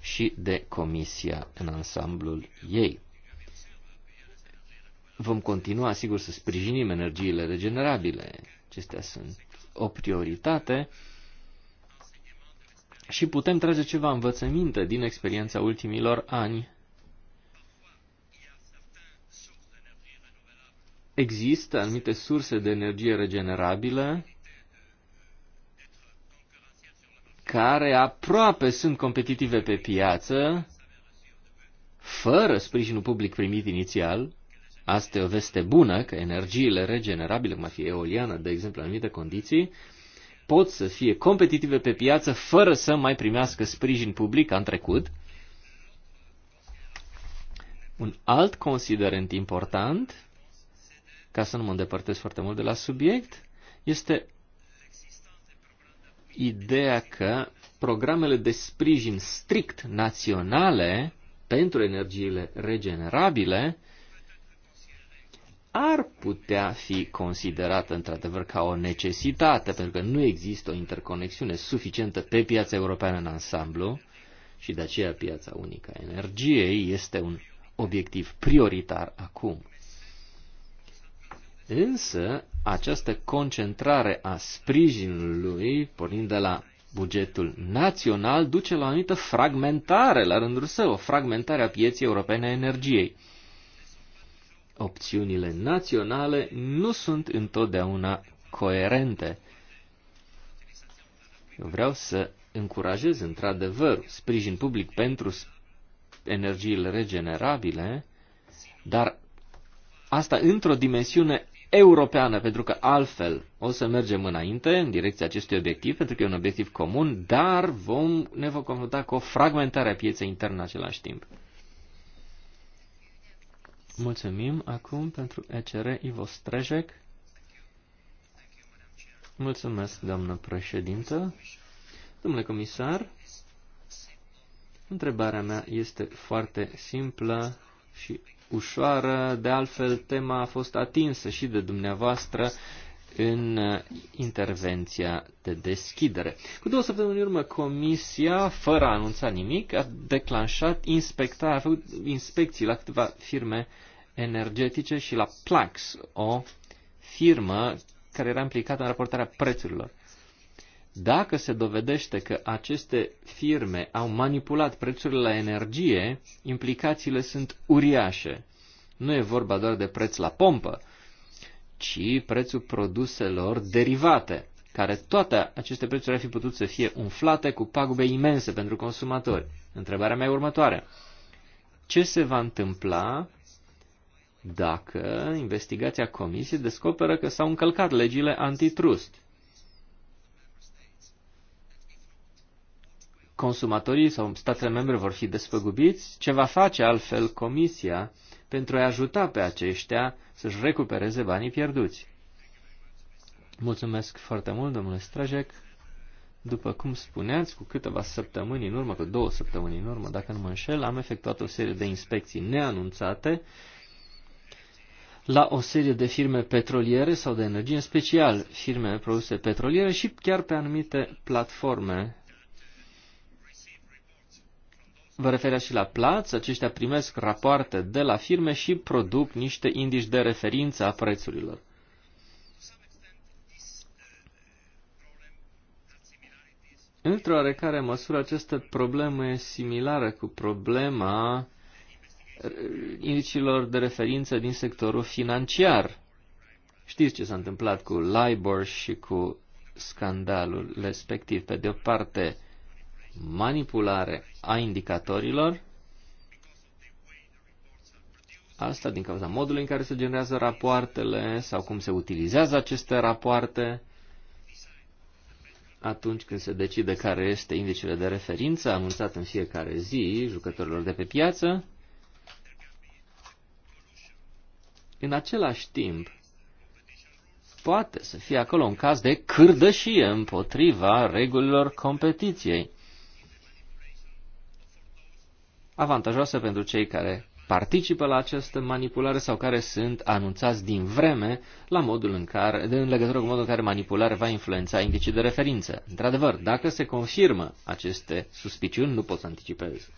și de Comisia în ansamblul ei. Vom continua, sigur, să sprijinim energiile regenerabile, Acestea sunt o prioritate și putem trage ceva învățăminte din experiența ultimilor ani. Există anumite surse de energie regenerabilă care aproape sunt competitive pe piață, fără sprijinul public primit inițial, Asta e o veste bună că energiile regenerabile, cum ar fi eoliană, de exemplu, în anumite condiții, pot să fie competitive pe piață fără să mai primească sprijin public ca în trecut. Un alt considerent important, ca să nu mă îndepărtez foarte mult de la subiect, este ideea că programele de sprijin strict naționale pentru energiile regenerabile ar putea fi considerată într-adevăr ca o necesitate, pentru că nu există o interconexiune suficientă pe piața europeană în ansamblu și de aceea piața unică a energiei este un obiectiv prioritar acum. Însă, această concentrare a sprijinului, pornind de la bugetul național, duce la o anumită fragmentare la rândul său, o fragmentare a pieței europene a energiei opțiunile naționale nu sunt întotdeauna coerente. Eu vreau să încurajez într-adevăr sprijin public pentru energiile regenerabile, dar asta într-o dimensiune europeană, pentru că altfel o să mergem înainte în direcția acestui obiectiv, pentru că e un obiectiv comun, dar vom, ne vom confrunta cu o fragmentare a pieței interne în același timp. Mulțumim acum pentru ECR Ivo Strejec. Mulțumesc, doamnă președintă. Domnule comisar, întrebarea mea este foarte simplă și ușoară. De altfel, tema a fost atinsă și de dumneavoastră în uh, intervenția de deschidere. Cu două săptămâni în urmă, comisia, fără a anunța nimic, a declanșat inspecta, a făcut inspecții la câteva firme energetice și la Plax, o firmă care era implicată în raportarea prețurilor. Dacă se dovedește că aceste firme au manipulat prețurile la energie, implicațiile sunt uriașe. Nu e vorba doar de preț la pompă, ci prețul produselor derivate, care toate aceste prețuri ar fi putut să fie umflate cu pagube imense pentru consumatori. Întrebarea mea e următoare. Ce se va întâmpla dacă investigația comisiei descoperă că s-au încălcat legile antitrust? Consumatorii sau statele membre vor fi despăgubiți? Ce va face altfel comisia pentru a ajuta pe aceștia să-și recupereze banii pierduți. Mulțumesc foarte mult, domnule Strajec. După cum spuneați, cu câteva săptămâni în urmă, cu două săptămâni în urmă, dacă nu mă înșel, am efectuat o serie de inspecții neanunțate la o serie de firme petroliere sau de energie, în special firme produse petroliere și chiar pe anumite platforme vă referea și la plați, aceștia primesc rapoarte de la firme și produc niște indici de referință a prețurilor. Într-o oarecare măsură, această problemă e similară cu problema uh, indicilor de referință din sectorul financiar. Știți ce s-a întâmplat cu LIBOR și cu scandalul respectiv. Pe de o parte, manipulare a indicatorilor, asta din cauza modului în care se generează rapoartele sau cum se utilizează aceste rapoarte atunci când se decide care este indicele de referință anunțat în fiecare zi jucătorilor de pe piață. În același timp, poate să fie acolo un caz de cârdășie împotriva regulilor competiției avantajoasă pentru cei care participă la această manipulare sau care sunt anunțați din vreme la modul în care, de în legătură cu modul în care manipularea va influența indicii de referință. Într-adevăr, dacă se confirmă aceste suspiciuni, nu pot să anticipez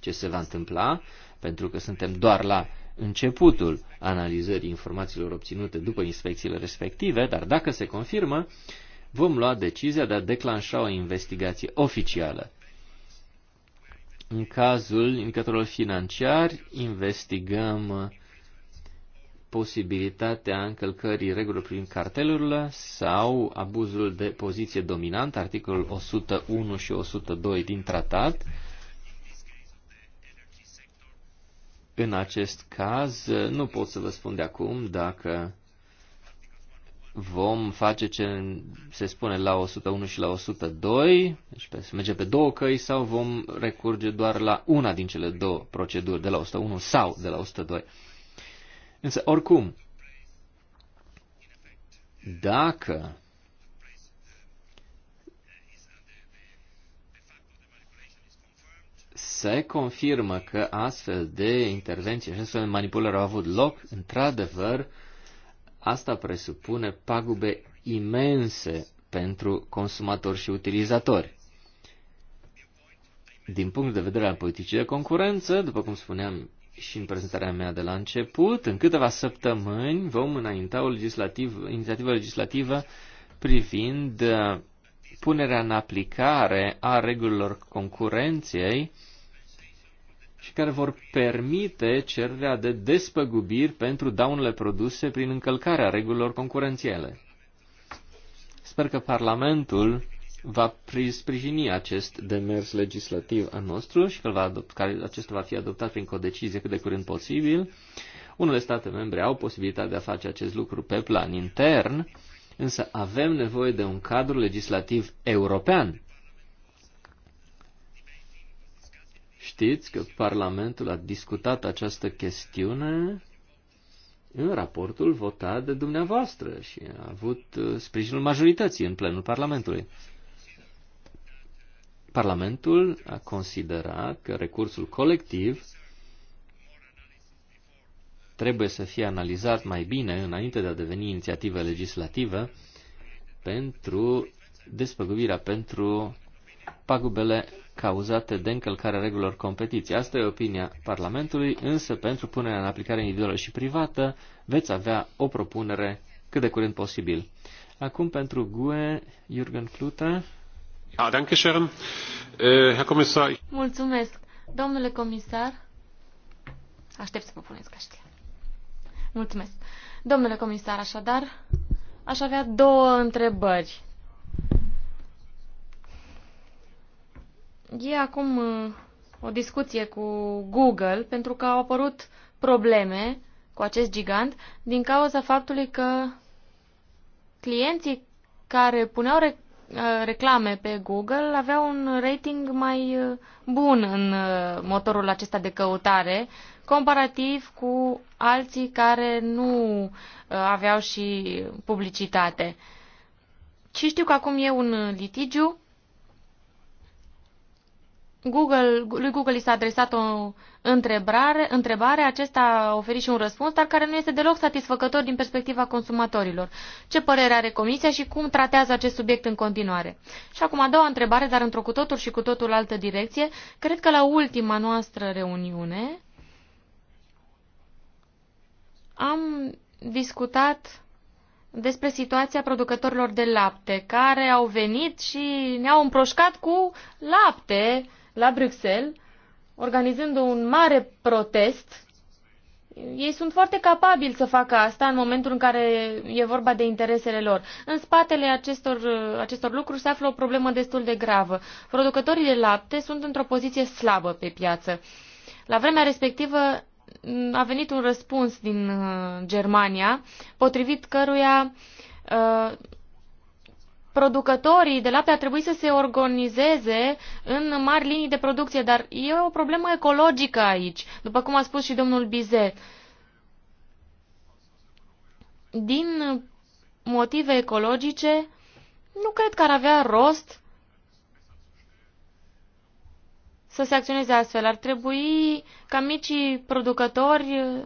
ce se va întâmpla, pentru că suntem doar la începutul analizării informațiilor obținute după inspecțiile respective, dar dacă se confirmă, vom lua decizia de a declanșa o investigație oficială în cazul indicatorilor financiari, investigăm posibilitatea încălcării regulilor prin cartelurile sau abuzul de poziție dominantă, articolul 101 și 102 din tratat. În acest caz, nu pot să vă spun de acum dacă vom face ce se spune la 101 și la 102, deci să merge pe două căi sau vom recurge doar la una din cele două proceduri, de la 101 sau de la 102. Însă, oricum, dacă se confirmă că astfel de intervenție și astfel de manipulări au avut loc, într-adevăr, uh, Asta presupune pagube imense pentru consumatori și utilizatori. Din punct de vedere al politicii de concurență, după cum spuneam și în prezentarea mea de la început, în câteva săptămâni vom înainta o legislativ, inițiativă legislativă privind uh, punerea în aplicare a regulilor concurenței și care vor permite cererea de despăgubiri pentru daunele produse prin încălcarea regulilor concurențiale. Sper că Parlamentul va sprijini acest demers legislativ al nostru și că, va adopt, că acesta va fi adoptat prin codecizie cât de curând posibil. Unele state membre au posibilitatea de a face acest lucru pe plan intern, însă avem nevoie de un cadru legislativ european Știți că Parlamentul a discutat această chestiune în raportul votat de dumneavoastră și a avut uh, sprijinul majorității în plenul Parlamentului. Parlamentul a considerat că recursul colectiv trebuie să fie analizat mai bine înainte de a deveni inițiativă legislativă pentru despăgubirea pentru pagubele cauzate de încălcarea regulilor competiției. Asta e opinia Parlamentului, însă pentru punerea în aplicare individuală și privată veți avea o propunere cât de curând posibil. Acum pentru GUE, Jürgen Flute. Ja, danke schön. Äh, Herr Kommissar. Mulțumesc. Domnule comisar, aștept să vă puneți căștia. Mulțumesc. Domnule comisar, așadar, aș avea două întrebări e acum uh, o discuție cu Google pentru că au apărut probleme cu acest gigant din cauza faptului că clienții care puneau re uh, reclame pe Google aveau un rating mai uh, bun în motorul acesta de căutare comparativ cu alții care nu aveau și publicitate. Și știu că acum e un litigiu Google, lui Google i s-a adresat o întrebare, întrebare, acesta a oferit și un răspuns, dar care nu este deloc satisfăcător din perspectiva consumatorilor. Ce părere are Comisia și cum tratează acest subiect în continuare? Și acum a doua întrebare, dar într-o cu totul și cu totul altă direcție. Cred că la ultima noastră reuniune am discutat despre situația producătorilor de lapte, care au venit și ne-au împroșcat cu lapte la Bruxelles, organizând un mare protest. Ei sunt foarte capabili să facă asta în momentul în care e vorba de interesele lor. În spatele acestor, acestor lucruri se află o problemă destul de gravă. Producătorii de lapte sunt într-o poziție slabă pe piață. La vremea respectivă mm, a venit un răspuns din uh, Germania, potrivit căruia uh, producătorii de lapte ar trebui să se organizeze în mari linii de producție, dar e o problemă ecologică aici, după cum a spus și domnul Bizet. Din motive ecologice, nu cred că ar avea rost să se acționeze astfel. Ar trebui ca micii producători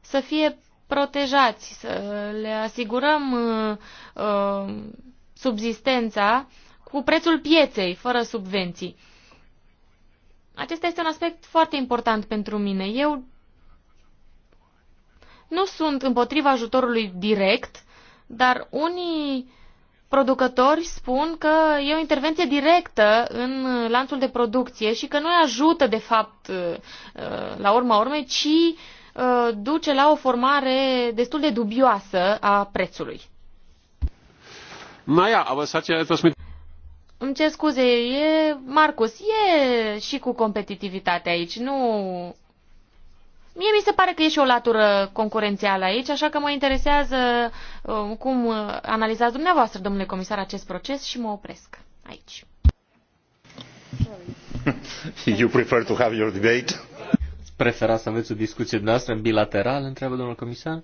să fie protejați, să le asigurăm uh, uh, subzistența cu prețul pieței, fără subvenții. Acesta este un aspect foarte important pentru mine. Eu nu sunt împotriva ajutorului direct, dar unii producători spun că e o intervenție directă în lanțul de producție și că nu ajută, de fapt, uh, la urma urmei, ci uh, duce la o formare destul de dubioasă a prețului. Naja, aber es hat ja etwas mit... Îmi cer scuze, e, Marcus, e și cu competitivitatea aici, nu... Mie mi se pare că e și o latură concurențială aici, așa că mă interesează uh, cum uh, analizați dumneavoastră, domnule comisar, acest proces și mă opresc aici. You prefer to have your debate? Preferați să aveți o discuție dumneavoastră bilaterală, întreabă domnul comisar?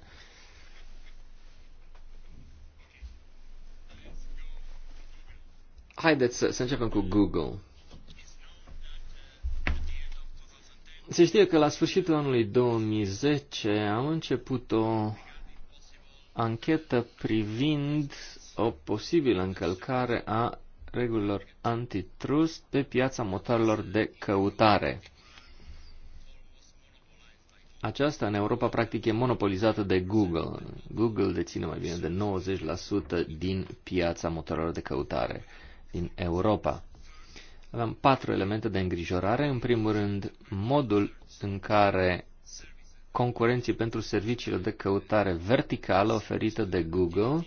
Haideți să, să începem cu Google. Se știe că la sfârșitul anului 2010 am început o anchetă privind o posibilă încălcare a regulilor antitrust pe piața motoarelor de căutare. Aceasta în Europa practic e monopolizată de Google. Google deține mai bine de 90% din piața motorilor de căutare din Europa. Avem patru elemente de îngrijorare. În primul rând, modul în care concurenții pentru serviciile de căutare verticală oferită de Google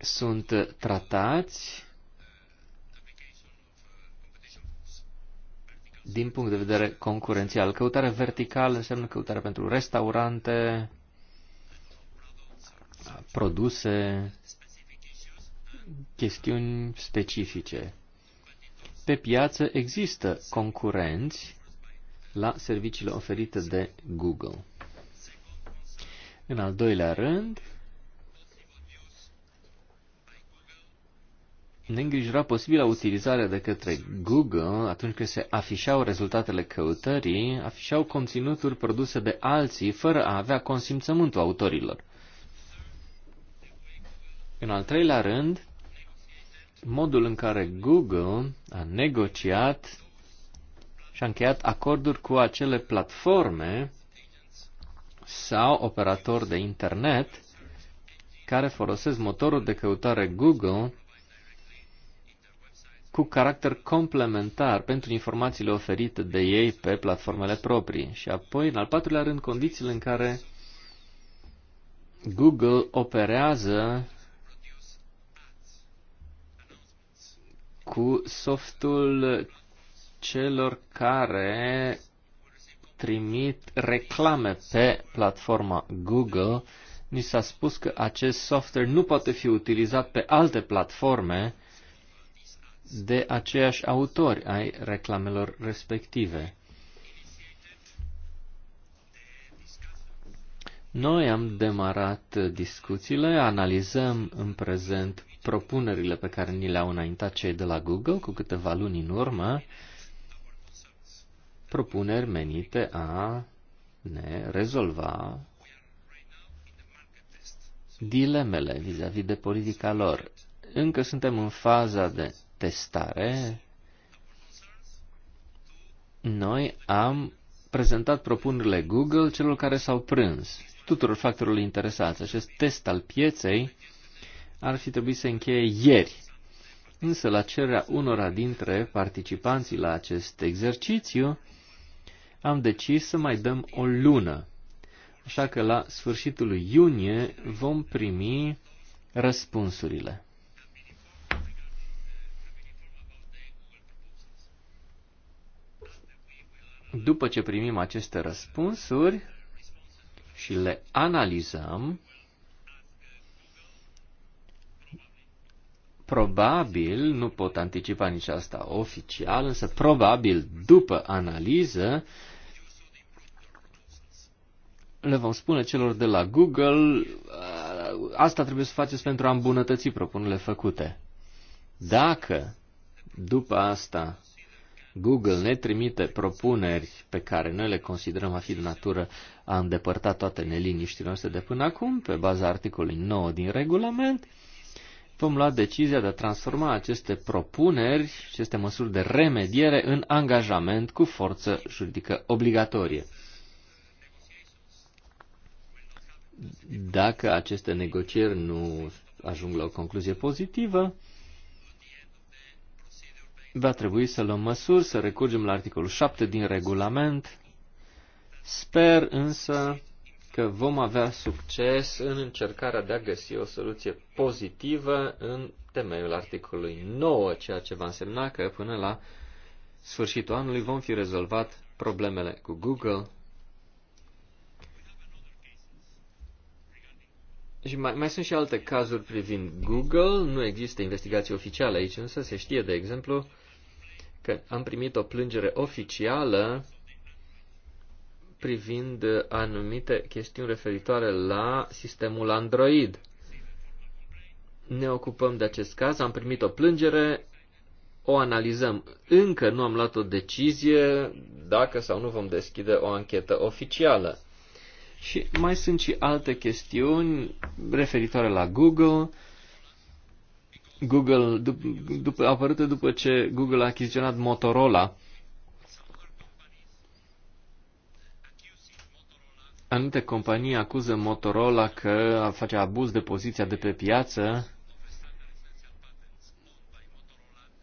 sunt tratați din punct de vedere concurențial. Căutare verticală înseamnă căutare pentru restaurante, produse, chestiuni specifice. Pe piață există concurenți la serviciile oferite de Google. În al doilea rând, ne îngrijora posibilă utilizarea de către Google atunci când se afișau rezultatele căutării, afișau conținuturi produse de alții fără a avea consimțământul autorilor. În al treilea rând, modul în care Google a negociat și a încheiat acorduri cu acele platforme sau operatori de internet care folosesc motorul de căutare Google cu caracter complementar pentru informațiile oferite de ei pe platformele proprii. Și apoi, în al patrulea rând, condițiile în care Google operează cu softul celor care trimit reclame pe platforma Google, ni s-a spus că acest software nu poate fi utilizat pe alte platforme de aceiași autori ai reclamelor respective. Noi am demarat discuțiile, analizăm în prezent propunerile pe care ni le-au înaintat cei de la Google cu câteva luni în urmă, propuneri menite a ne rezolva dilemele vis-a-vis -vis de politica lor. Încă suntem în faza de testare. Noi am prezentat propunerile Google celor care s-au prâns, tuturor factorilor interesați. Acest test al pieței ar fi trebuit să încheie ieri. Însă, la cererea unora dintre participanții la acest exercițiu, am decis să mai dăm o lună. Așa că la sfârșitul iunie vom primi răspunsurile. După ce primim aceste răspunsuri și le analizăm, probabil, nu pot anticipa nici asta oficial, însă probabil după analiză le vom spune celor de la Google, asta trebuie să faceți pentru a îmbunătăți propunerile făcute. Dacă după asta Google ne trimite propuneri pe care noi le considerăm a fi de natură a îndepărta toate neliniștile noastre de până acum, pe baza articolului 9 din regulament, vom lua decizia de a transforma aceste propuneri, aceste măsuri de remediere, în angajament cu forță juridică obligatorie. Dacă aceste negocieri nu ajung la o concluzie pozitivă, va trebui să luăm măsuri, să recurgem la articolul 7 din regulament. Sper însă că vom avea succes în încercarea de a găsi o soluție pozitivă în temeiul articolului 9, ceea ce va însemna că până la sfârșitul anului vom fi rezolvat problemele cu Google. Și mai, mai sunt și alte cazuri privind Google, nu există investigații oficiale aici, însă se știe, de exemplu, că am primit o plângere oficială privind anumite chestiuni referitoare la sistemul Android. Ne ocupăm de acest caz, am primit o plângere, o analizăm. Încă nu am luat o decizie dacă sau nu vom deschide o anchetă oficială. Și mai sunt și alte chestiuni referitoare la Google, Google, dup- dup- apărută după ce Google a achiziționat Motorola. Anumite companii acuză Motorola că face abuz de poziția de pe piață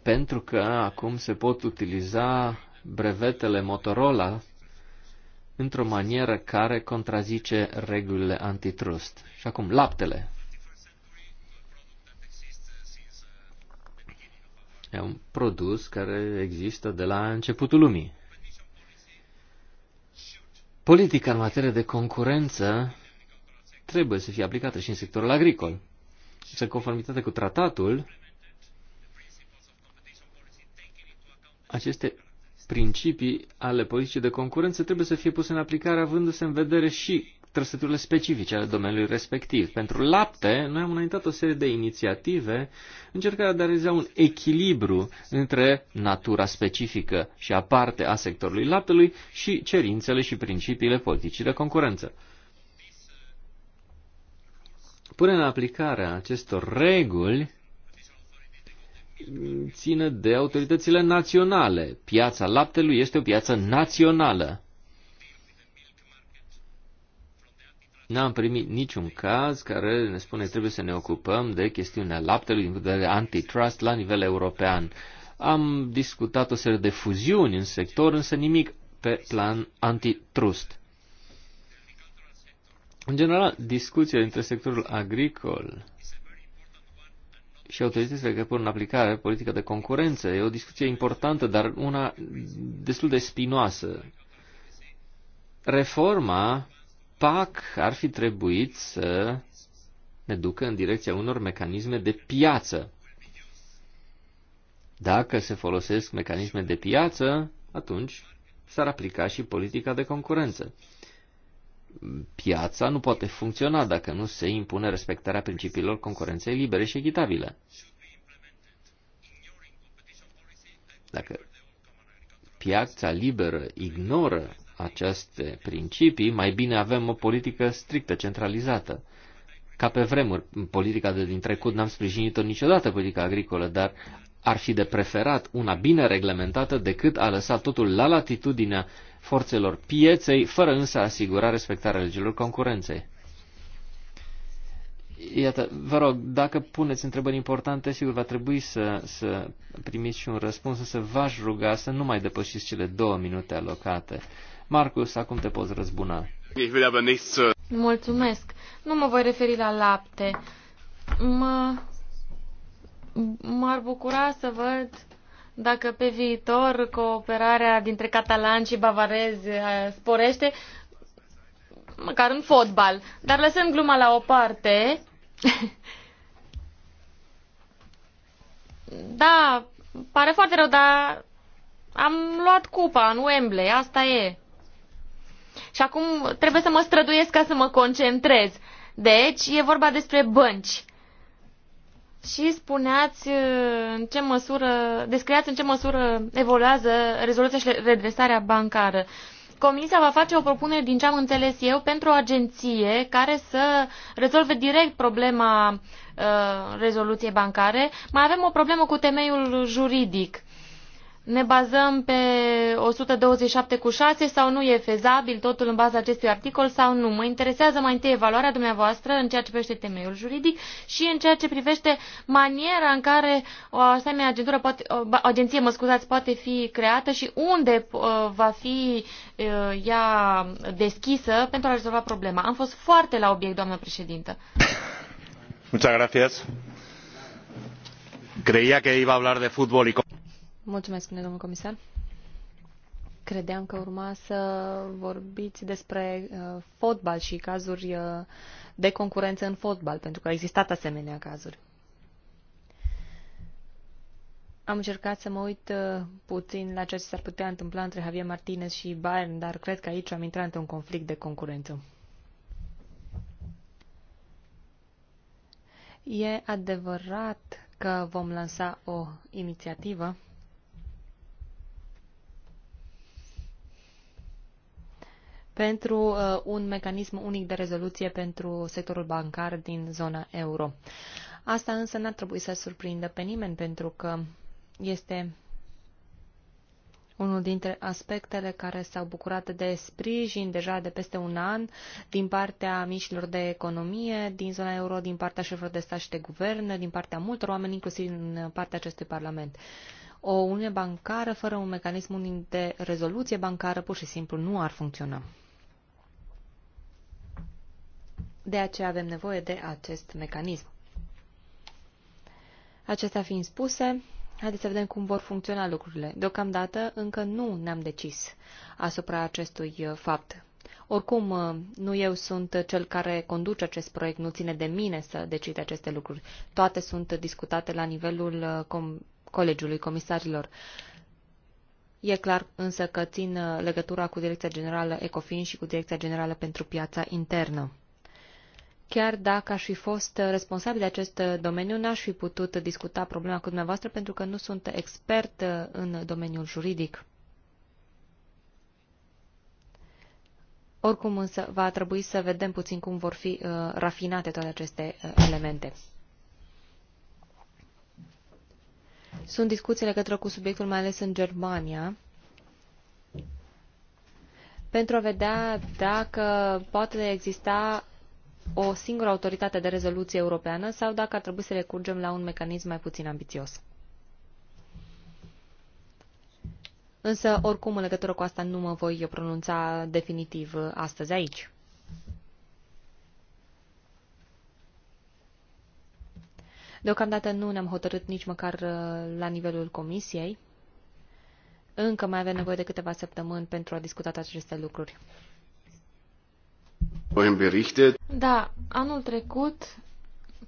pentru că acum se pot utiliza brevetele Motorola într-o manieră care contrazice regulile antitrust. Și acum, laptele. E un produs care există de la începutul lumii. Politica în materie de concurență trebuie să fie aplicată și în sectorul agricol. în conformitate cu tratatul, aceste principii ale politicii de concurență trebuie să fie puse în aplicare avându-se în vedere și trăsăturile specifice ale domeniului respectiv. Pentru lapte, noi am înaintat o serie de inițiative încercarea de a realiza un echilibru între natura specifică și aparte a sectorului laptelui și cerințele și principiile politicii de concurență. Punerea în aplicare a acestor reguli ține de autoritățile naționale. Piața laptelui este o piață națională. N-am primit niciun caz care ne spune că trebuie să ne ocupăm de chestiunea laptelui din vedere antitrust la nivel european. Am discutat o serie de fuziuni în sector, însă nimic pe plan antitrust. În general, discuția dintre sectorul agricol și autoritățile care pun în aplicare politica de concurență e o discuție importantă, dar una destul de spinoasă. Reforma PAC ar fi trebuit să ne ducă în direcția unor mecanisme de piață. Dacă se folosesc mecanisme de piață, atunci s-ar aplica și politica de concurență. Piața nu poate funcționa dacă nu se impune respectarea principiilor concurenței libere și echitabile. Dacă piața liberă ignoră aceste principii, mai bine avem o politică strictă, centralizată. Ca pe vremuri, politica de din trecut n-am sprijinit-o niciodată, politica agricolă, dar ar fi de preferat una bine reglementată decât a lăsa totul la latitudinea forțelor pieței, fără însă a asigura respectarea legilor concurenței. Iată, vă rog, dacă puneți întrebări importante, sigur va trebui să, să primiți și un răspuns, să v-aș ruga să nu mai depășiți cele două minute alocate. Marcus, acum te poți răzbuna. Mulțumesc. Nu mă voi referi la lapte. Mă... M-ar bucura să văd dacă pe viitor cooperarea dintre catalani și bavarezi eh, sporește, măcar în fotbal. Dar lăsând gluma la o parte. da, pare foarte rău, dar am luat cupa în Wembley, asta e. Și acum trebuie să mă străduiesc ca să mă concentrez. Deci, e vorba despre bănci. Și spuneați uh, în ce măsură, descriați în ce măsură evoluează rezoluția și redresarea bancară. Comisia va face o propunere, din ce am înțeles eu, pentru o agenție care să rezolve direct problema uh, rezoluției bancare. Mai avem o problemă cu temeiul juridic. Ne bazăm pe 127 cu 6 sau nu e fezabil totul în baza acestui articol sau nu. Mă interesează mai întâi evaluarea dumneavoastră în ceea ce privește temeiul juridic și în ceea ce privește maniera în care o asemenea agentură poate, o agenție mă scuzați, poate fi creată și unde uh, va fi uh, ea deschisă pentru a rezolva problema. Am fost foarte la obiect, doamnă președintă. Muchas gracias. Creía que iba a hablar de fútbol y... Mulțumesc, domnule comisar. Credeam că urma să vorbiți despre uh, fotbal și cazuri uh, de concurență în fotbal, pentru că au existat asemenea cazuri. Am încercat să mă uit uh, puțin la ceea ce s-ar putea întâmpla între Javier Martinez și Bayern, dar cred că aici am intrat într-un conflict de concurență. E adevărat că vom lansa o inițiativă pentru uh, un mecanism unic de rezoluție pentru sectorul bancar din zona euro. Asta însă n-ar trebui să surprindă pe nimeni pentru că este unul dintre aspectele care s-au bucurat de sprijin deja de peste un an din partea mișilor de economie, din zona euro, din partea șefilor de stat și de guvern, din partea multor oameni, inclusiv din partea acestui parlament. O uniune bancară fără un mecanism unic de rezoluție bancară pur și simplu nu ar funcționa. De aceea avem nevoie de acest mecanism. Acestea fiind spuse, haideți să vedem cum vor funcționa lucrurile. Deocamdată încă nu ne-am decis asupra acestui uh, fapt. Oricum, uh, nu eu sunt cel care conduce acest proiect, nu ține de mine să decide aceste lucruri. Toate sunt discutate la nivelul uh, com- Colegiului Comisarilor. E clar însă că țin legătura cu Direcția Generală Ecofin și cu Direcția Generală pentru Piața Internă chiar dacă aș fi fost responsabil de acest domeniu, n-aș fi putut discuta problema cu dumneavoastră pentru că nu sunt expert în domeniul juridic. Oricum însă va trebui să vedem puțin cum vor fi uh, rafinate toate aceste uh, elemente. Sunt discuțiile către cu subiectul, mai ales în Germania, pentru a vedea dacă poate exista o singură autoritate de rezoluție europeană sau dacă ar trebui să recurgem la un mecanism mai puțin ambițios. Însă, oricum, în legătură cu asta nu mă voi pronunța definitiv astăzi aici. Deocamdată nu ne-am hotărât nici măcar uh, la nivelul comisiei. Încă mai avem nevoie de câteva săptămâni pentru a discuta aceste lucruri. Da, anul trecut,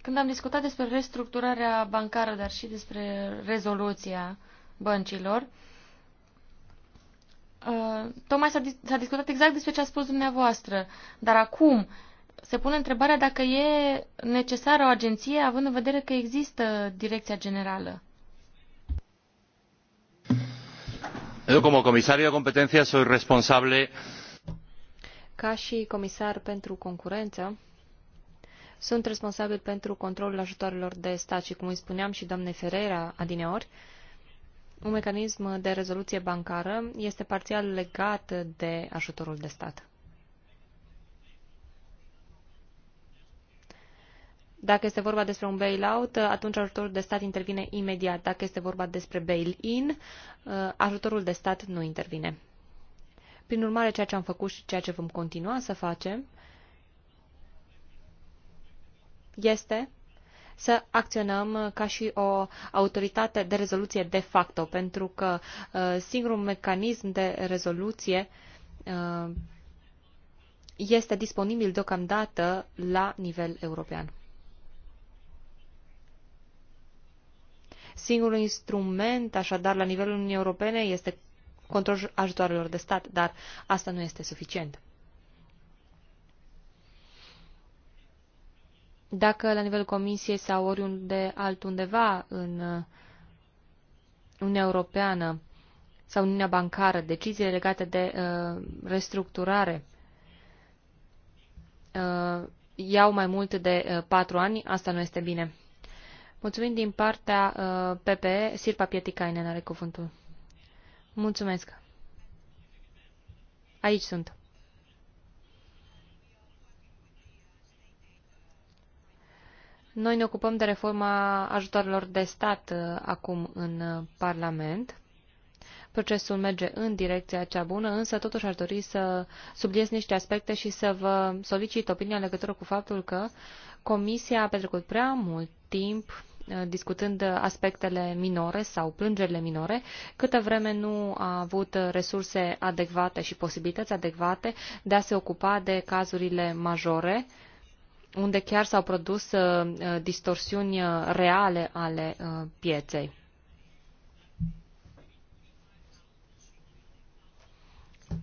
când am discutat despre restructurarea bancară, dar și despre rezoluția băncilor, uh, tocmai s-a discutat exact despre ce a spus dumneavoastră. Dar acum se pune întrebarea dacă e necesară o agenție, având în vedere că există direcția generală. Eu, como comisario de competencia, soy responsable ca și comisar pentru concurență, sunt responsabil pentru controlul ajutoarelor de stat și, cum îi spuneam și doamnei Ferreira adineori, un mecanism de rezoluție bancară este parțial legat de ajutorul de stat. Dacă este vorba despre un bail-out, atunci ajutorul de stat intervine imediat. Dacă este vorba despre bail-in, ajutorul de stat nu intervine. Prin urmare, ceea ce am făcut și ceea ce vom continua să facem este să acționăm ca și o autoritate de rezoluție de facto, pentru că uh, singurul mecanism de rezoluție uh, este disponibil deocamdată la nivel european. Singurul instrument, așadar, la nivelul Uniunii Europene este controlul ajutoarelor de stat, dar asta nu este suficient. Dacă la nivelul Comisiei sau oriunde altundeva în uh, Uniunea Europeană sau Uniunea Bancară, deciziile legate de uh, restructurare uh, iau mai mult de uh, patru ani, asta nu este bine. Mulțumim din partea uh, PPE, Sirpa Pietikainen are cuvântul. Mulțumesc. Aici sunt. Noi ne ocupăm de reforma ajutorilor de stat uh, acum în uh, Parlament. Procesul merge în direcția cea bună, însă totuși aș dori să subliez niște aspecte și să vă solicit opinia în legătură cu faptul că Comisia a petrecut prea mult timp Eh, discutând aspectele minore sau plângerile minore, câtă vreme nu a avut resurse adecvate și posibilități adecvate de a se ocupa de cazurile majore, unde chiar s-au produs eh, distorsiuni eh, reale ale pieței.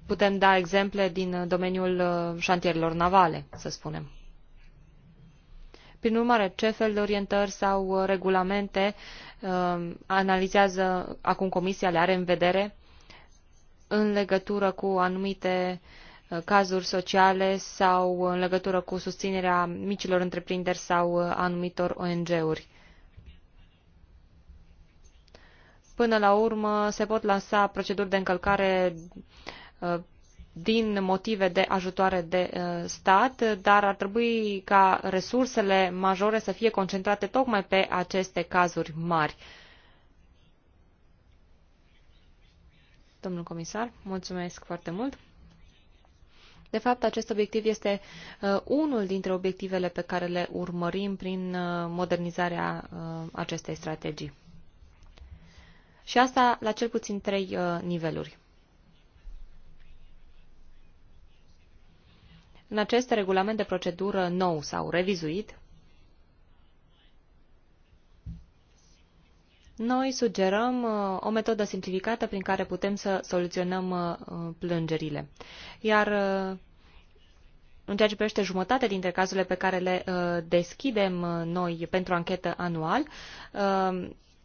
Putem da exemple din domeniul șantierilor navale, să spunem. Prin urmare, ce fel de orientări sau uh, regulamente um, analizează acum Comisia, le are în vedere în legătură cu anumite uh, cazuri sociale sau în legătură cu susținerea micilor întreprinderi sau uh, anumitor ONG-uri. Până la urmă, se pot lansa proceduri de încălcare din motive de ajutoare de uh, stat, dar ar trebui ca resursele majore să fie concentrate tocmai pe aceste cazuri mari. Domnul comisar, mulțumesc foarte mult. De fapt, acest obiectiv este uh, unul dintre obiectivele pe care le urmărim prin uh, modernizarea uh, acestei strategii. Și asta la cel puțin trei uh, niveluri. în acest regulament de procedură nou sau revizuit, noi sugerăm uh, o metodă simplificată prin care putem să soluționăm uh, plângerile. Iar uh, în ceea ce privește jumătate dintre cazurile pe care le deschidem noi pentru anchetă anual,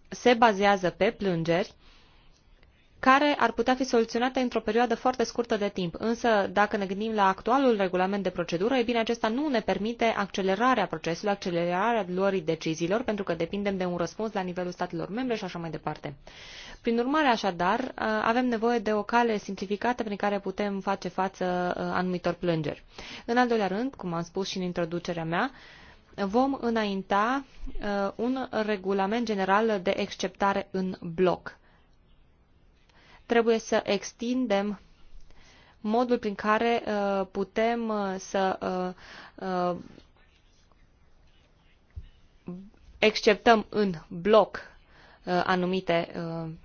se bazează pe plângeri care ar putea fi soluționate într-o perioadă foarte scurtă de timp. Însă, dacă ne gândim la actualul regulament de procedură, e bine, acesta nu ne permite accelerarea procesului, accelerarea luării deciziilor, pentru că depindem de un răspuns la nivelul statelor membre și așa mai departe. Prin urmare, așadar, uh, avem nevoie de o cale simplificată prin care putem face față uh, anumitor plângeri. În al doilea rând, cum am spus și în introducerea mea, vom înainta uh, un regulament general de exceptare în bloc trebuie să extindem modul prin care uh, putem uh, să uh, exceptăm în bloc anumite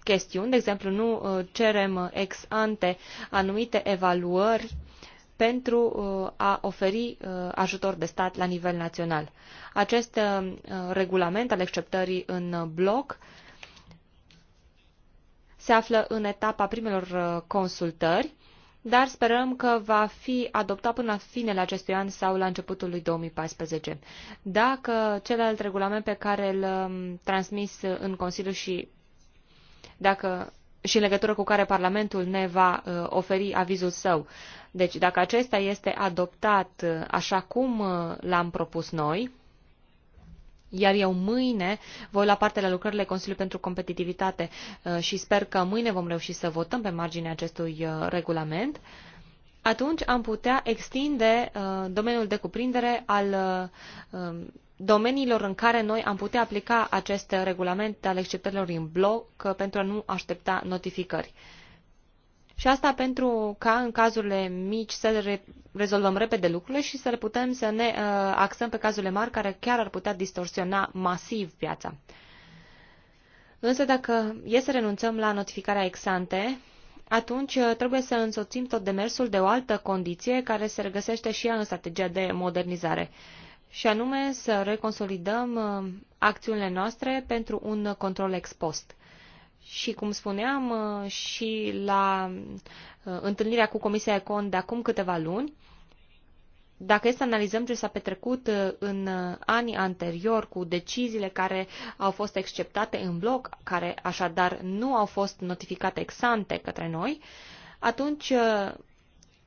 chestiuni. De exemplu, nu cerem ex ante anumite evaluări pentru a oferi ajutor de stat la nivel național. Acest regulament al exceptării în bloc se află în etapa primelor uh, consultări, dar sperăm că va fi adoptat până la finele acestui an sau la începutul lui 2014. Dacă celălalt regulament pe care îl um, transmis în Consiliu și dacă și în legătură cu care Parlamentul ne va uh, oferi avizul său. Deci, dacă acesta este adoptat uh, așa cum l-am propus noi, iar eu mâine voi la parte la lucrările Consiliului pentru Competitivitate uh, și sper că mâine vom reuși să votăm pe marginea acestui uh, regulament. Atunci am putea extinde uh, domeniul de cuprindere al um, domeniilor în care noi am putea aplica acest regulament al exceptărilor în bloc pentru a nu aștepta notificări. Și asta pentru ca în cazurile mici să re rezolvăm repede lucrurile și să le putem să ne uh, axăm pe cazurile mari care chiar ar putea distorsiona masiv piața. Însă dacă e să renunțăm la notificarea exante, atunci uh, trebuie să însoțim tot demersul de o altă condiție care se regăsește și ea în strategia de modernizare, și anume să reconsolidăm uh, acțiunile noastre pentru un control ex post și, cum spuneam, uh, și la uh, întâlnirea cu Comisia Econ de acum câteva luni, dacă este să analizăm ce s-a petrecut uh, în anii anterior cu deciziile care au fost acceptate în bloc, care așadar nu au fost notificate exante către noi, atunci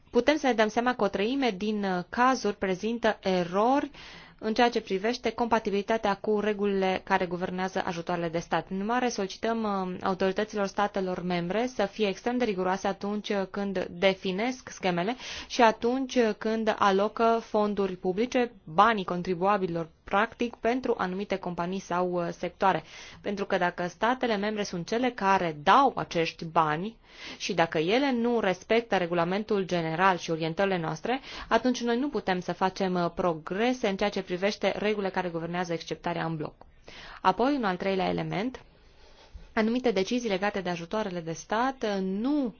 putem să ne dăm seama că o treime din cazuri prezintă erori uh, în ceea ce privește compatibilitatea cu regulile care guvernează ajutoarele de stat. În urmare, solicităm uh, autorităților statelor membre să fie extrem de riguroase atunci când definesc schemele și atunci când alocă fonduri publice, banii contribuabililor practic pentru anumite companii sau uh, sectoare. Pentru că dacă statele membre sunt cele care dau acești bani și dacă ele nu respectă regulamentul general și orientările noastre, atunci noi nu putem să facem uh, progrese în ceea ce privește regulile care guvernează exceptarea în bloc. Apoi, un al treilea element, anumite decizii legate de ajutoarele de stat uh, nu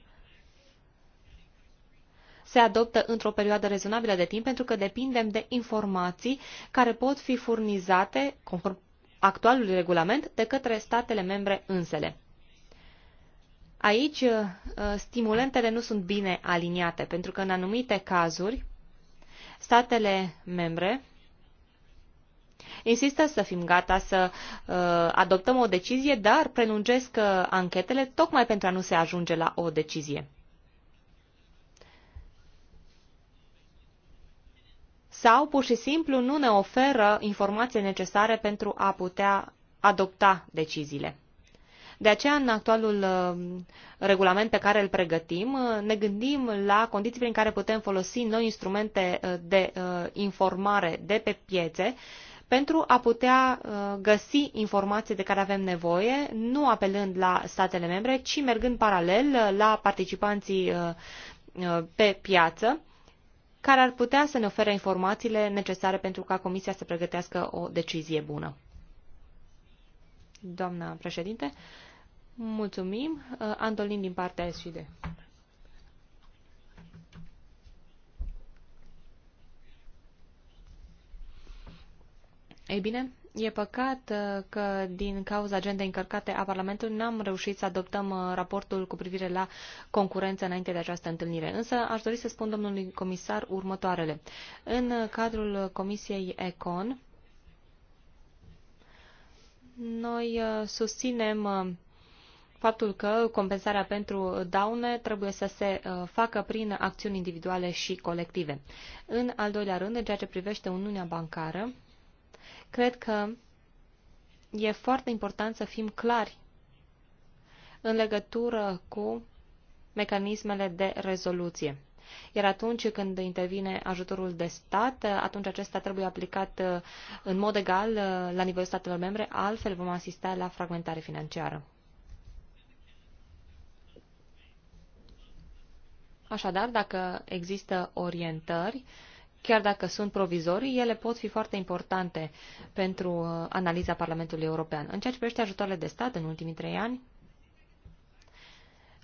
se adoptă într-o perioadă rezonabilă de timp pentru că depindem de informații care pot fi furnizate, conform actualului regulament, de către statele membre însele. Aici, uh, stimulentele nu sunt bine aliniate, pentru că în anumite cazuri, statele membre insistă să fim gata să uh, adoptăm o decizie, dar prelungesc uh, anchetele tocmai pentru a nu se ajunge la o decizie. sau pur și simplu nu ne oferă informații necesare pentru a putea adopta deciziile. De aceea, în actualul uh, regulament pe care îl pregătim, uh, ne gândim la condiții prin care putem folosi noi instrumente uh, de informare de pe piețe pentru a putea găsi informații de care avem nevoie, nu apelând la statele membre, ci mergând paralel la participanții pe piață care ar putea să ne ofere informațiile necesare pentru ca Comisia să pregătească o decizie bună. Doamna președinte, mulțumim. Uh, Andolin din partea SUD. Ei bine, E păcat uh, că din cauza agendei încărcate a Parlamentului n-am reușit să adoptăm uh, raportul cu privire la concurență înainte de această întâlnire. Însă aș dori să spun domnului comisar următoarele. În uh, cadrul Comisiei ECON, noi susținem faptul că compensarea pentru daune trebuie să se facă prin acțiuni individuale și colective. În al doilea rând, în ceea ce privește Uniunea Bancară, Cred că e foarte important să fim clari în legătură cu mecanismele de rezoluție. Iar atunci când intervine ajutorul de stat, atunci acesta trebuie aplicat uh, în mod egal uh, la nivelul statelor membre, altfel vom asista la fragmentare financiară. Așadar, dacă există orientări, Chiar dacă sunt provizorii, ele pot fi foarte importante pentru uh, analiza Parlamentului European. În ceea ce privește ajutoarele de stat în ultimii trei ani,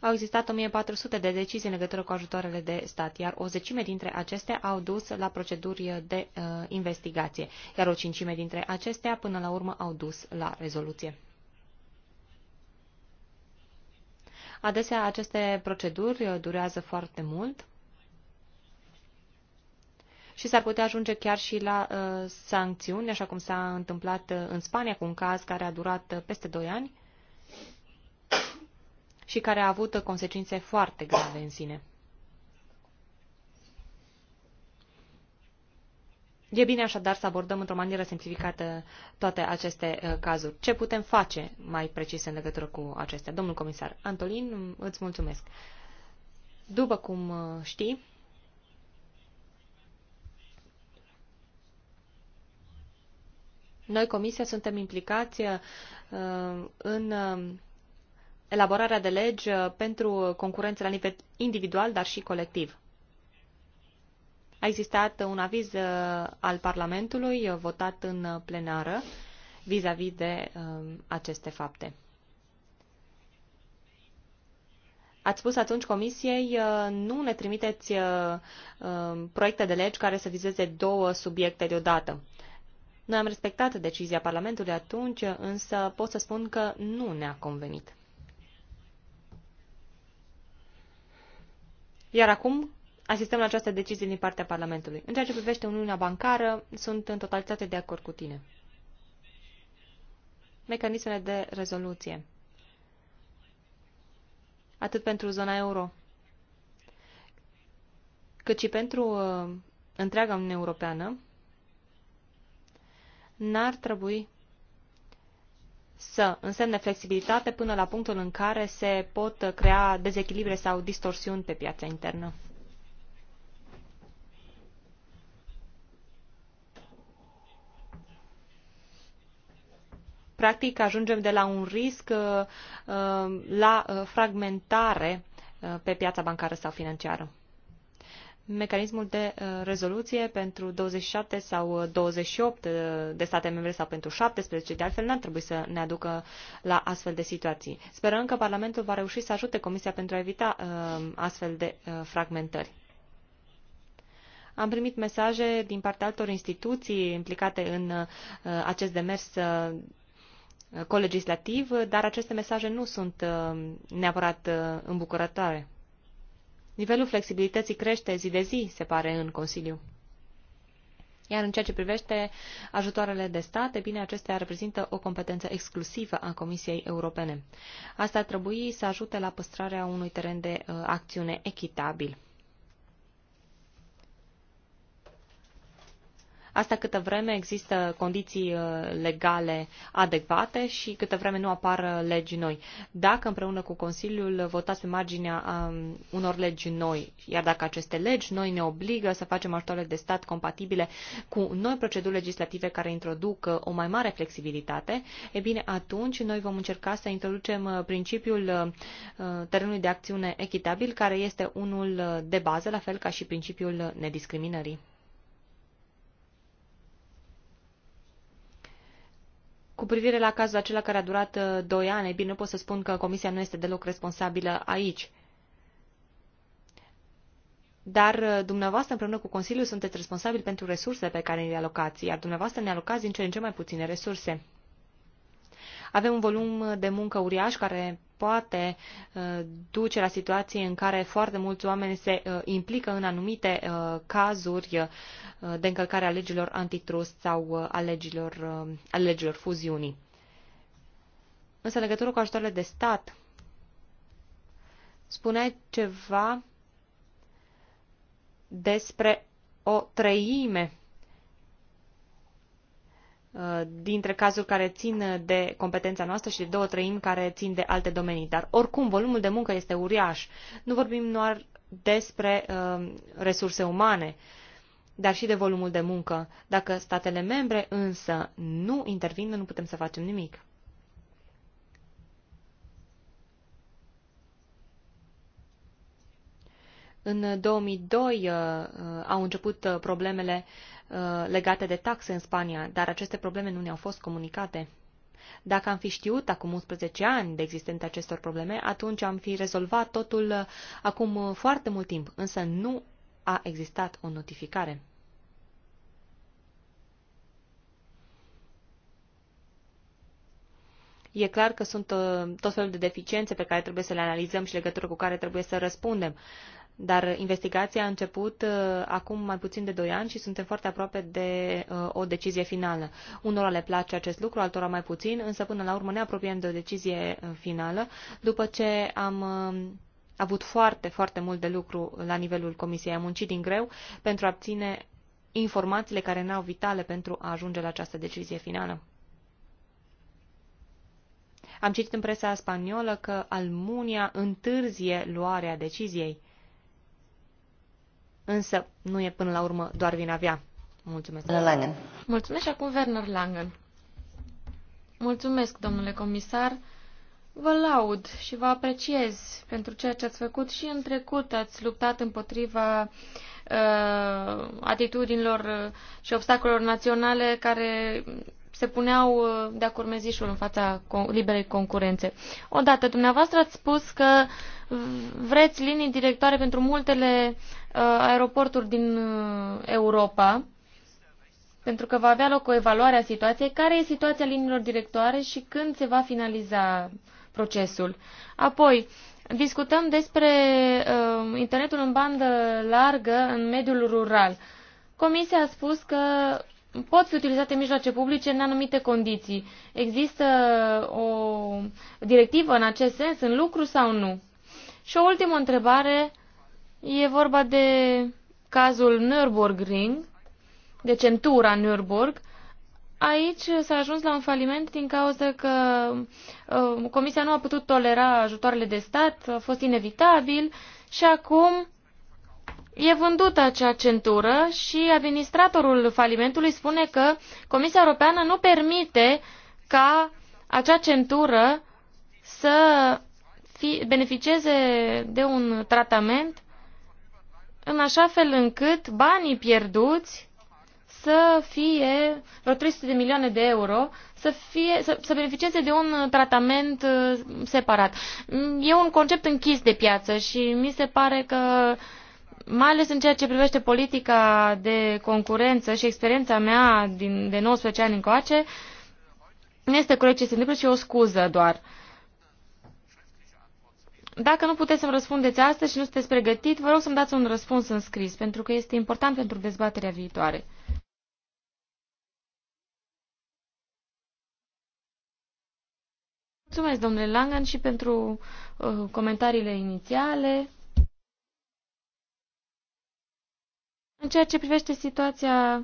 au existat 1400 de decizii în legătură cu ajutoarele de stat, iar o zecime dintre acestea au dus la proceduri de uh, investigație, iar o cincime dintre acestea până la urmă au dus la rezoluție. Adesea aceste proceduri durează foarte mult și s-ar putea ajunge chiar și la uh, sancțiuni, așa cum s-a întâmplat uh, în Spania cu un caz care a durat uh, peste 2 ani și care a avut uh, consecințe foarte grave în sine. E bine așadar să abordăm într-o manieră simplificată toate aceste uh, cazuri. Ce putem face mai precis în legătură cu acestea? Domnul comisar Antolin, îți mulțumesc. După cum uh, știi, Noi, Comisia, suntem implicați uh, în uh, elaborarea de legi uh, pentru concurență la nivel individual, dar și colectiv. A existat un aviz al Parlamentului votat în plenară vis-a-vis -vis de um, aceste fapte. Ați spus atunci Comisiei, nu ne trimiteți um, proiecte de legi care să vizeze două subiecte deodată. Noi am respectat decizia Parlamentului atunci, însă pot să spun că nu ne-a convenit. Iar acum asistăm la această decizie din partea Parlamentului. În ceea ce privește Uniunea Bancară, sunt în totalitate de acord cu tine. Mecanismele de rezoluție. Atât pentru zona euro, cât și pentru uh, întreaga Uniune Europeană, n-ar trebui să însemne flexibilitate până la punctul în care se pot crea dezechilibre sau distorsiuni pe piața internă. Practic, ajungem de la un risc uh, uh, la uh, fragmentare pe piața bancară sau financiară mecanismul de uh, rezoluție pentru 27 sau 28 uh, uh, de state membre sau pentru 17, de altfel n-ar trebui să ne aducă la astfel de situații. Sperăm că Parlamentul va reuși să ajute Comisia pentru a evita astfel de fragmentări. Am primit mesaje din partea altor instituții implicate în acest demers colegislativ, dar aceste mesaje nu sunt neapărat îmbucurătoare. Nivelul flexibilității crește zi de zi, se pare, în Consiliu. Iar în ceea ce privește ajutoarele de stat, bine, acestea reprezintă o competență exclusivă a Comisiei Europene. Asta ar trebui să ajute la păstrarea unui teren de uh, acțiune echitabil. Asta câtă vreme există condiții uh, legale adecvate și câtă vreme nu apar uh, legi noi. Dacă împreună cu Consiliul votați pe marginea um, unor legi noi, iar dacă aceste legi noi ne obligă să facem ajutoare de stat compatibile cu noi proceduri legislative care introduc uh, o mai mare flexibilitate, e bine, atunci noi vom încerca să introducem principiul terenului de acțiune echitabil, care este unul de bază, la fel ca și principiul nediscriminării. Cu privire la cazul acela care a durat uh, doi ani, bine, nu pot să spun că Comisia nu este deloc responsabilă aici. Dar uh, dumneavoastră împreună cu Consiliul sunteți responsabili pentru resursele pe care le alocați, iar dumneavoastră ne alocați din ce în ce mai puține resurse. Avem un volum de muncă uriaș care poate uh, duce la situații în care foarte mulți oameni se uh, implică în anumite uh, cazuri de încălcare a legilor antitrust sau a legilor, a legilor fuziunii. Însă, legătură cu ajutoarele de stat, spuneai ceva despre o treime dintre cazuri care țin de competența noastră și de două treimi care țin de alte domenii. Dar oricum, volumul de muncă este uriaș. Nu vorbim doar despre uh, resurse umane, dar și de volumul de muncă. Dacă statele membre însă nu intervin, nu putem să facem nimic. În 2002 uh, au început uh, problemele uh, Uh, legate de taxe în Spania, dar aceste probleme nu ne-au fost comunicate. Dacă am fi știut acum 11 ani de existența acestor probleme, atunci am fi rezolvat totul uh, acum uh, foarte mult timp, însă nu a existat o notificare. E clar că sunt tot felul de deficiențe pe care trebuie să le analizăm și legătură cu care trebuie să răspundem. Dar investigația a început uh, acum mai puțin de 2 ani și suntem foarte aproape de uh, o decizie finală. Unora le place acest lucru, altora mai puțin, însă până la urmă ne apropiem de o decizie uh, finală după ce am avut foarte, foarte mult de lucru la nivelul Comisiei. Am muncit din greu pentru a obține informațiile care erau vitale pentru a ajunge la această decizie finală. Am citit în presa spaniolă că Almunia întârzie luarea deciziei. Însă nu e până la urmă doar vina via. Mulțumesc. Langen. Mulțumesc și acum Werner Langen. Mulțumesc, domnule comisar. Vă laud și vă apreciez pentru ceea ce ați făcut și în trecut ați luptat împotriva uh, atitudinilor și obstacolelor naționale care se puneau uh, de-a curmezișul în fața liberei concurențe. Odată, dumneavoastră ați spus că vreți linii directoare pentru multele uh, aeroporturi din uh, Europa, pentru că va avea loc o evaluare a situației. Care e situația liniilor directoare și când se va finaliza procesul? Apoi, discutăm despre uh, internetul în bandă largă în mediul rural. Comisia a spus că pot fi utilizate mijloace publice în anumite condiții. Există o directivă în acest sens, în lucru sau nu? Și o ultimă întrebare e vorba de cazul Nürburgring, de centura Nürburg. Aici s-a ajuns la un faliment din cauza că uh, Comisia nu a putut tolera ajutoarele de stat, a fost inevitabil și acum E vândută acea centură și administratorul falimentului spune că Comisia Europeană nu permite ca acea centură să fi, beneficieze de un tratament în așa fel încât banii pierduți să fie vreo 300 de milioane de euro, să, fie, să, să beneficieze de un tratament uh, separat. Mm, e un concept închis de piață și mi se pare că mai ales în ceea ce privește politica de concurență și experiența mea din, de 19 ani încoace, nu este corect ce se întâmplă și o scuză doar. Dacă nu puteți să-mi răspundeți astăzi și nu sunteți pregătit, vă rog să-mi dați un răspuns în scris, pentru că este important pentru dezbaterea viitoare. Mulțumesc, domnule Langan, și pentru uh, comentariile inițiale. În ceea ce privește situația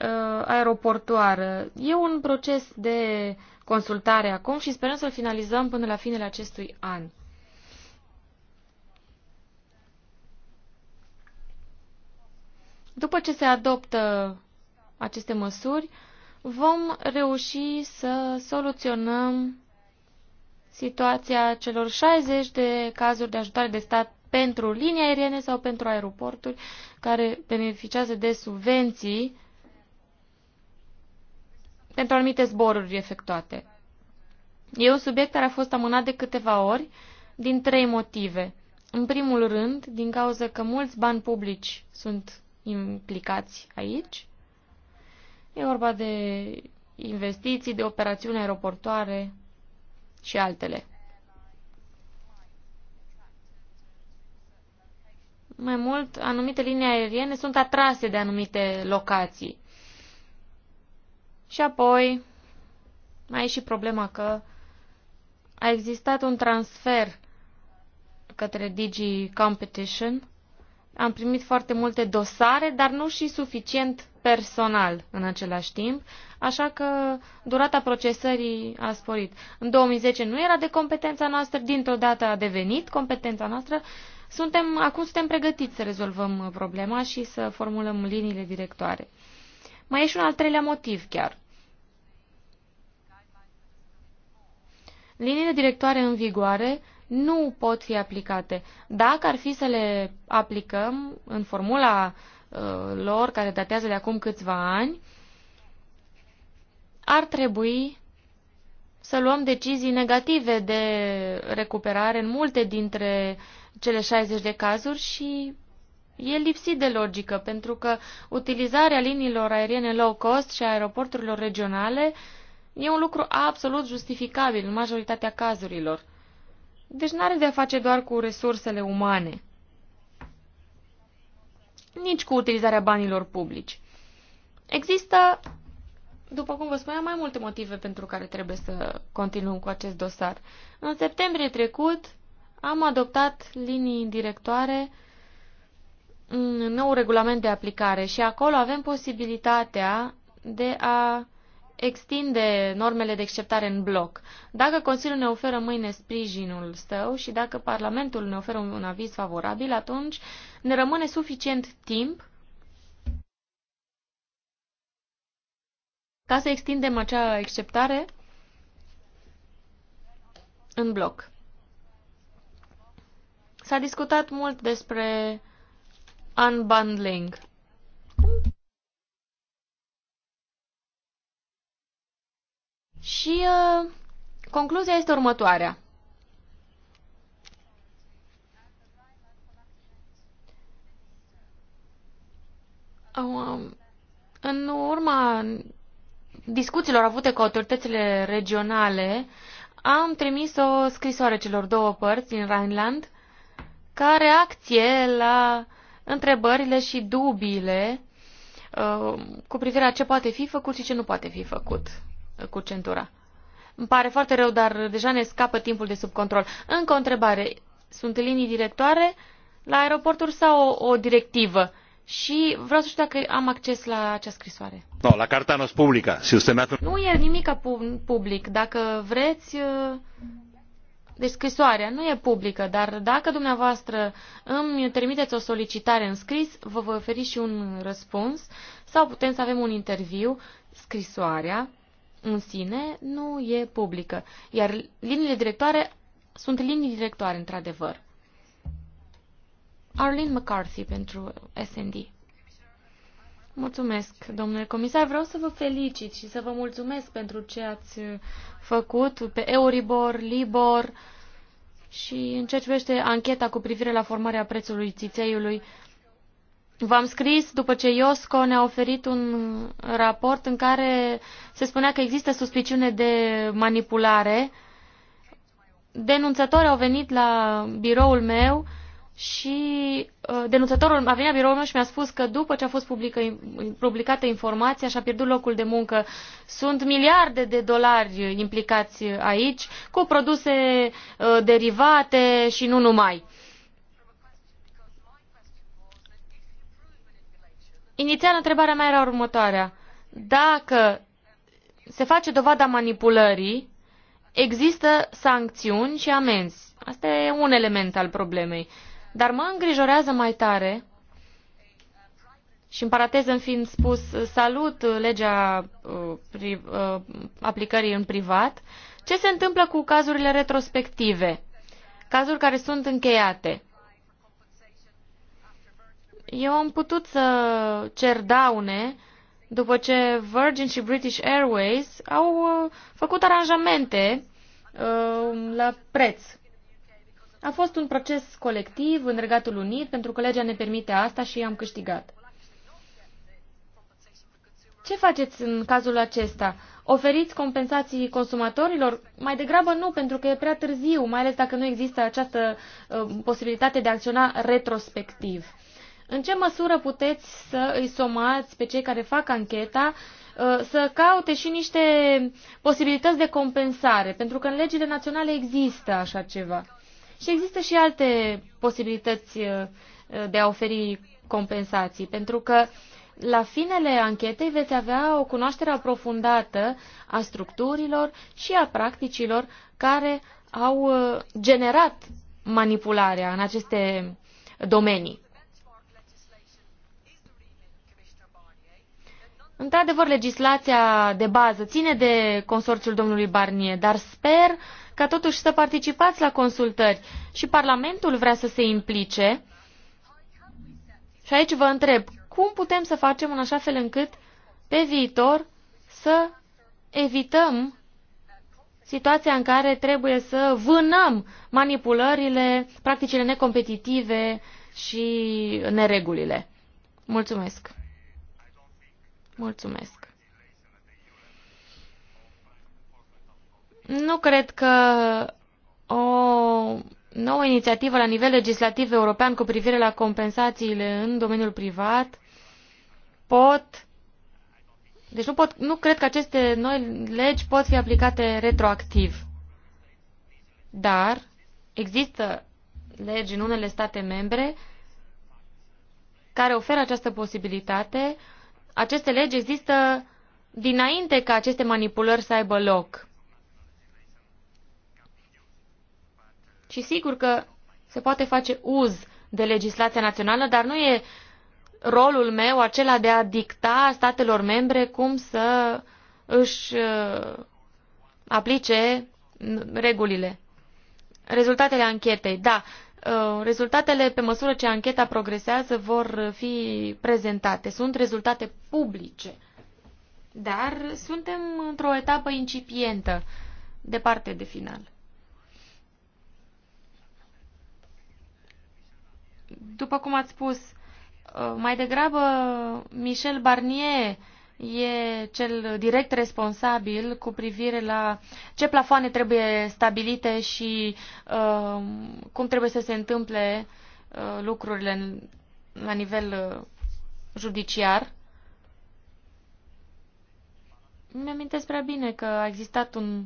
uh, aeroportoară, e un proces de consultare acum și sperăm să-l finalizăm până la finele acestui an. După ce se adoptă aceste măsuri, vom reuși să soluționăm situația celor 60 de cazuri de ajutare de stat pentru linii aeriene sau pentru aeroporturi care beneficiază de subvenții pentru anumite zboruri efectuate. E un subiect care a fost amânat de câteva ori din trei motive. În primul rând, din cauza că mulți bani publici sunt implicați aici. E vorba de investiții, de operațiuni aeroportoare și altele. Mai mult, anumite linii aeriene sunt atrase de anumite locații. Și apoi, mai e și problema că a existat un transfer către Digi Competition. Am primit foarte multe dosare, dar nu și suficient personal în același timp, așa că durata procesării a sporit. În 2010 nu era de competența noastră, dintr-o dată a devenit competența noastră suntem, acum suntem pregătiți să rezolvăm problema și să formulăm liniile directoare. Mai e și un al treilea motiv chiar. Liniile directoare în vigoare nu pot fi aplicate. Dacă ar fi să le aplicăm în formula uh, lor, care datează de acum câțiva ani, ar trebui să luăm decizii negative de recuperare în multe dintre cele 60 de cazuri și e lipsit de logică, pentru că utilizarea liniilor aeriene low cost și a aeroporturilor regionale e un lucru absolut justificabil în majoritatea cazurilor. Deci n-are de a face doar cu resursele umane, nici cu utilizarea banilor publici. Există, după cum vă spuneam, mai multe motive pentru care trebuie să continuăm cu acest dosar. În septembrie trecut, am adoptat linii directoare în nou regulament de aplicare și acolo avem posibilitatea de a extinde normele de acceptare în bloc. Dacă Consiliul ne oferă mâine sprijinul său și dacă Parlamentul ne oferă un aviz favorabil, atunci ne rămâne suficient timp ca să extindem acea acceptare în bloc. S-a discutat mult despre unbundling. Și uh, concluzia este următoarea. Um, în urma discuțiilor avute cu autoritățile regionale, am trimis o scrisoare celor două părți din Rhineland ca reacție la întrebările și dubiile uh, cu privire la ce poate fi făcut și ce nu poate fi făcut cu centura. Îmi pare foarte rău, dar deja ne scapă timpul de sub control. Încă o întrebare. Sunt linii directoare la aeroporturi sau o, o directivă? Și vreau să știu dacă am acces la acea scrisoare. No, la carta noastră publică. Si Nu e nimic public. Dacă vreți, uh, deci scrisoarea nu e publică, dar dacă dumneavoastră îmi trimiteți o solicitare în scris, vă voi oferi și un răspuns sau putem să avem un interviu. Scrisoarea în sine nu e publică, iar liniile directoare sunt linii directoare, într-adevăr. Arlene McCarthy pentru SND. Mulțumesc, domnule comisar. Vreau să vă felicit și să vă mulțumesc pentru ce ați făcut pe Euribor, Libor și în ceea ce privește ancheta cu privire la formarea prețului țițeiului. V-am scris după ce IOSCO ne-a oferit un raport în care se spunea că există suspiciune de manipulare. Denunțători au venit la biroul meu și uh, denunțătorul a venit la biroul meu și mi-a spus că după ce a fost publică, publicată informația și-a pierdut locul de muncă, sunt miliarde de dolari implicați aici cu produse uh, derivate și nu numai. Inițial, întrebarea mea era următoarea. Dacă se face dovada manipulării, există sancțiuni și amenzi. Asta e un element al problemei. Uh, dar mă îngrijorează mai tare și în paranteză în fiind spus, salut legea uh, pri, uh, aplicării în privat, ce se întâmplă cu cazurile retrospective, cazuri care sunt încheiate? Eu am putut să cer daune după ce Virgin și British Airways au uh, făcut aranjamente uh, la preț a fost un proces colectiv în Regatul Unit, pentru că legea ne permite asta și am câștigat. Ce faceți în cazul acesta? Oferiți compensații consumatorilor? Mai degrabă nu, pentru că e prea târziu, mai ales dacă nu există această uh, posibilitate de a acționa retrospectiv. În ce măsură puteți să îi somați pe cei care fac ancheta uh, să caute și niște posibilități de compensare, pentru că în legile naționale există așa ceva. Și există și alte posibilități uh, de a oferi compensații, pentru că la finele anchetei veți avea o cunoaștere aprofundată a structurilor și a practicilor care au uh, generat manipularea în aceste domenii. Într-adevăr, legislația de bază ține de consorțiul domnului Barnier, dar sper ca totuși să participați la consultări și Parlamentul vrea să se implice. Și aici vă întreb, cum putem să facem în așa fel încât pe viitor să evităm situația în care trebuie să vânăm manipulările, practicile necompetitive și neregulile. Mulțumesc! Mulțumesc. Nu cred că o nouă inițiativă la nivel legislativ european cu privire la compensațiile în domeniul privat pot deci nu, pot, nu cred că aceste noi legi pot fi aplicate retroactiv. Dar există legi în unele state membre care oferă această posibilitate uh, aceste legi există dinainte ca aceste manipulări să aibă loc. Și sigur că se poate face uz de legislația națională, dar nu e rolul meu acela de a dicta statelor membre cum să își uh, aplice regulile. Rezultatele anchetei. Da, Uh, rezultatele, pe măsură ce ancheta progresează, vor fi prezentate. Sunt rezultate publice, dar suntem într-o etapă incipientă, departe de final. După cum ați spus, uh, mai degrabă Michel Barnier e cel direct responsabil cu privire la ce plafoane trebuie stabilite și uh, cum trebuie să se întâmple uh, lucrurile în, la nivel uh, judiciar. Mi-amintesc prea bine că a existat un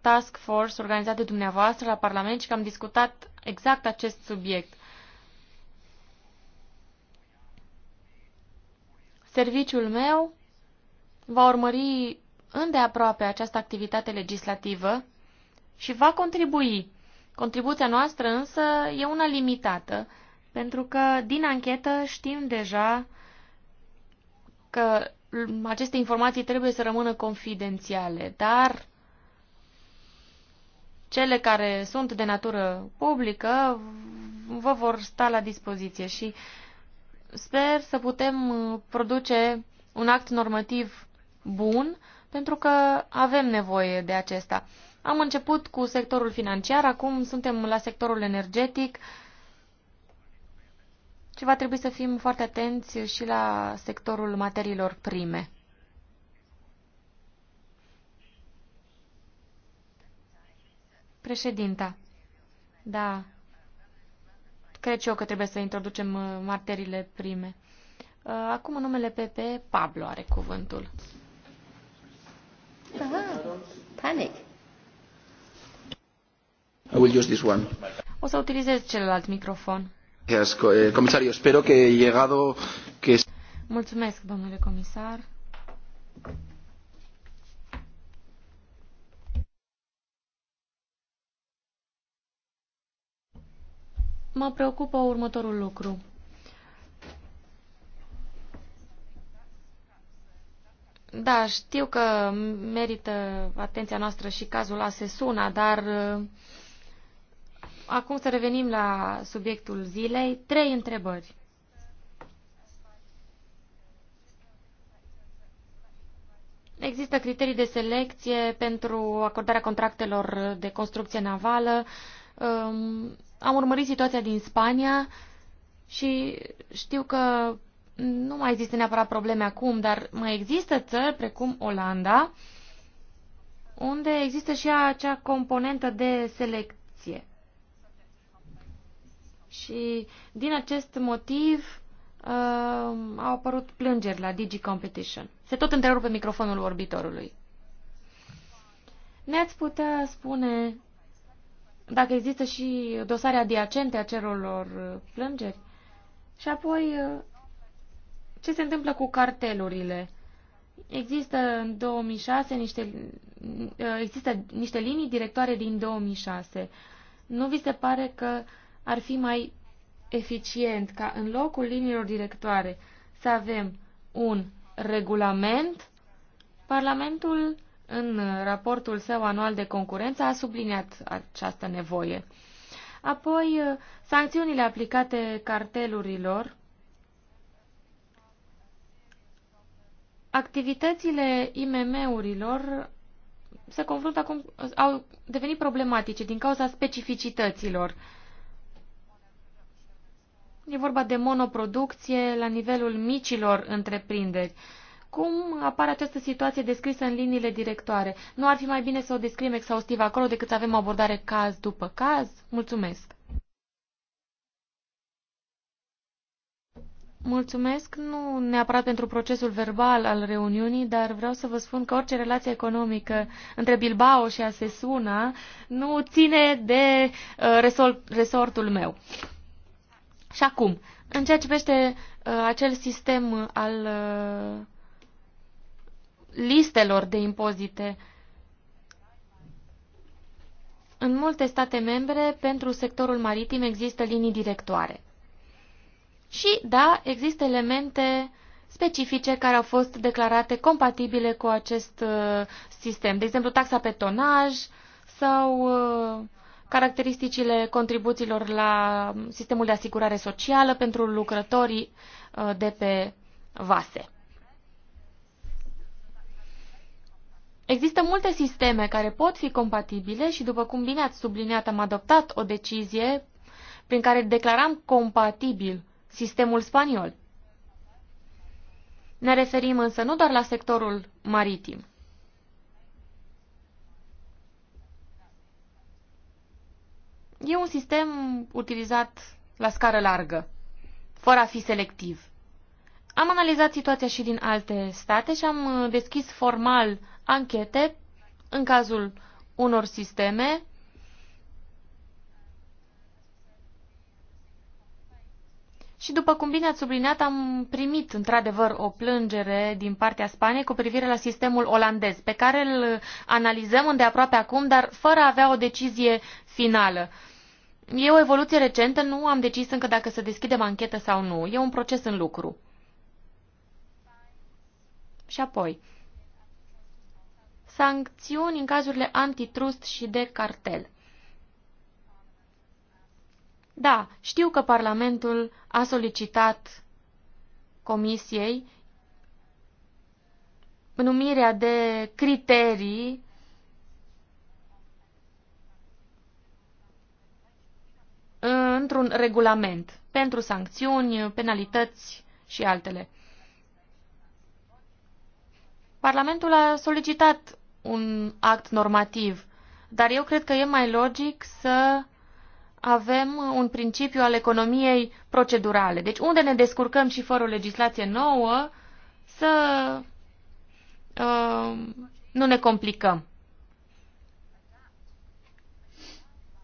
task force organizat de dumneavoastră la Parlament și că am discutat exact acest subiect. Serviciul meu va urmări îndeaproape această activitate legislativă și va contribui. Contribuția noastră însă e una limitată, pentru că din anchetă știm deja că aceste informații trebuie să rămână confidențiale, dar cele care sunt de natură publică vă vor sta la dispoziție și sper să putem produce un act normativ bun, pentru că avem nevoie de acesta. Am început cu sectorul financiar, acum suntem la sectorul energetic și va trebui să fim foarte atenți și la sectorul materiilor prime. Președinta, da, cred și eu că trebuie să introducem uh, materiile prime. Uh, acum, în numele PP, Pablo are cuvântul. Aha. Panic. I will use this one. O să utilizez celălalt microfon. Yes, eh, comisario, espero que he llegado que... Mulțumesc, domnule comisar. Mă preocupă următorul lucru. Da, știu că merită atenția noastră și cazul Asesuna, dar uh, acum să revenim la subiectul zilei. Trei întrebări. Există criterii de selecție pentru acordarea contractelor de construcție navală. Um, am urmărit situația din Spania și știu că nu mai există neapărat probleme acum, dar mai există țări precum Olanda, unde există și acea componentă de selecție. Și din acest motiv uh, au apărut plângeri la Digi Competition. Se tot întrerupe microfonul orbitorului. Ne-ați putea spune dacă există și dosare adiacente a cerurilor plângeri? Și apoi, uh, ce se întâmplă cu cartelurile? Există în 2006 niște, există niște linii directoare din 2006. Nu vi se pare că ar fi mai eficient ca în locul liniilor directoare să avem un regulament? Parlamentul, în raportul său anual de concurență, a subliniat această nevoie. Apoi, sancțiunile aplicate cartelurilor Activitățile IMM-urilor se confruntă acum, au devenit problematice din cauza specificităților. E vorba de monoproducție la nivelul micilor întreprinderi. Cum apare această situație descrisă în liniile directoare? Nu ar fi mai bine să o descrim exhaustiv acolo decât să avem o abordare caz după caz? Mulțumesc! Mulțumesc, nu neapărat pentru procesul verbal al reuniunii, dar vreau să vă spun că orice relație economică între Bilbao și Asesuna nu ține de uh, resortul meu. Și acum, în ceea ce privește uh, acel sistem al uh, listelor de impozite, în multe state membre, pentru sectorul maritim există linii directoare. Și, da, există elemente specifice care au fost declarate compatibile cu acest uh, sistem. De exemplu, taxa pe tonaj sau uh, caracteristicile contribuțiilor la sistemul de asigurare socială pentru lucrătorii uh, de pe vase. Există multe sisteme care pot fi compatibile și, după cum bine ați subliniat, am adoptat o decizie prin care declaram compatibil sistemul spaniol. Ne referim însă nu doar la sectorul maritim. E un sistem utilizat la scară largă, fără a fi selectiv. Am analizat situația și din alte state și am deschis formal anchete în cazul unor sisteme Și după cum bine ați subliniat, am primit într-adevăr o plângere din partea Spaniei cu privire la sistemul olandez, pe care îl analizăm îndeaproape acum, dar fără a avea o decizie finală. E o evoluție recentă, nu am decis încă dacă să deschidem anchetă sau nu. E un proces în lucru. Și apoi, sancțiuni în cazurile antitrust și de cartel. Da, știu că Parlamentul a solicitat Comisiei numirea de criterii într-un regulament pentru sancțiuni, penalități și altele. Parlamentul a solicitat un act normativ, dar eu cred că e mai logic să avem un principiu al economiei procedurale. Deci unde ne descurcăm și fără o legislație nouă, să uh, nu ne complicăm.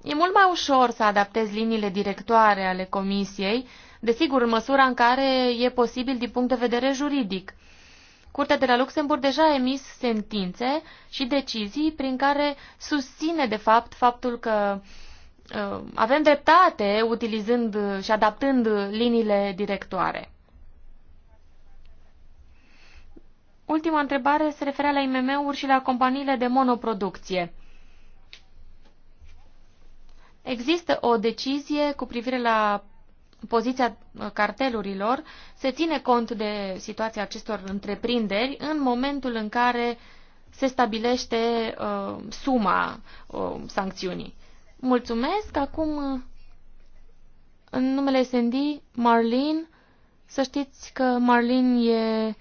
E mult mai ușor să adaptezi liniile directoare ale comisiei, desigur în măsura în care e posibil din punct de vedere juridic. Curtea de la Luxemburg deja a emis sentințe și decizii prin care susține de fapt faptul că uh, Uh, avem dreptate utilizând și adaptând liniile directoare. Ultima întrebare se referea la IMM-uri și la companiile de monoproducție. Există o decizie cu privire la poziția cartelurilor, se ține cont de situația acestor întreprinderi în momentul în care se stabilește uh, suma uh, sancțiunii. Mulțumesc. Acum, în numele SND, Marlene, să știți că Marlene e uh,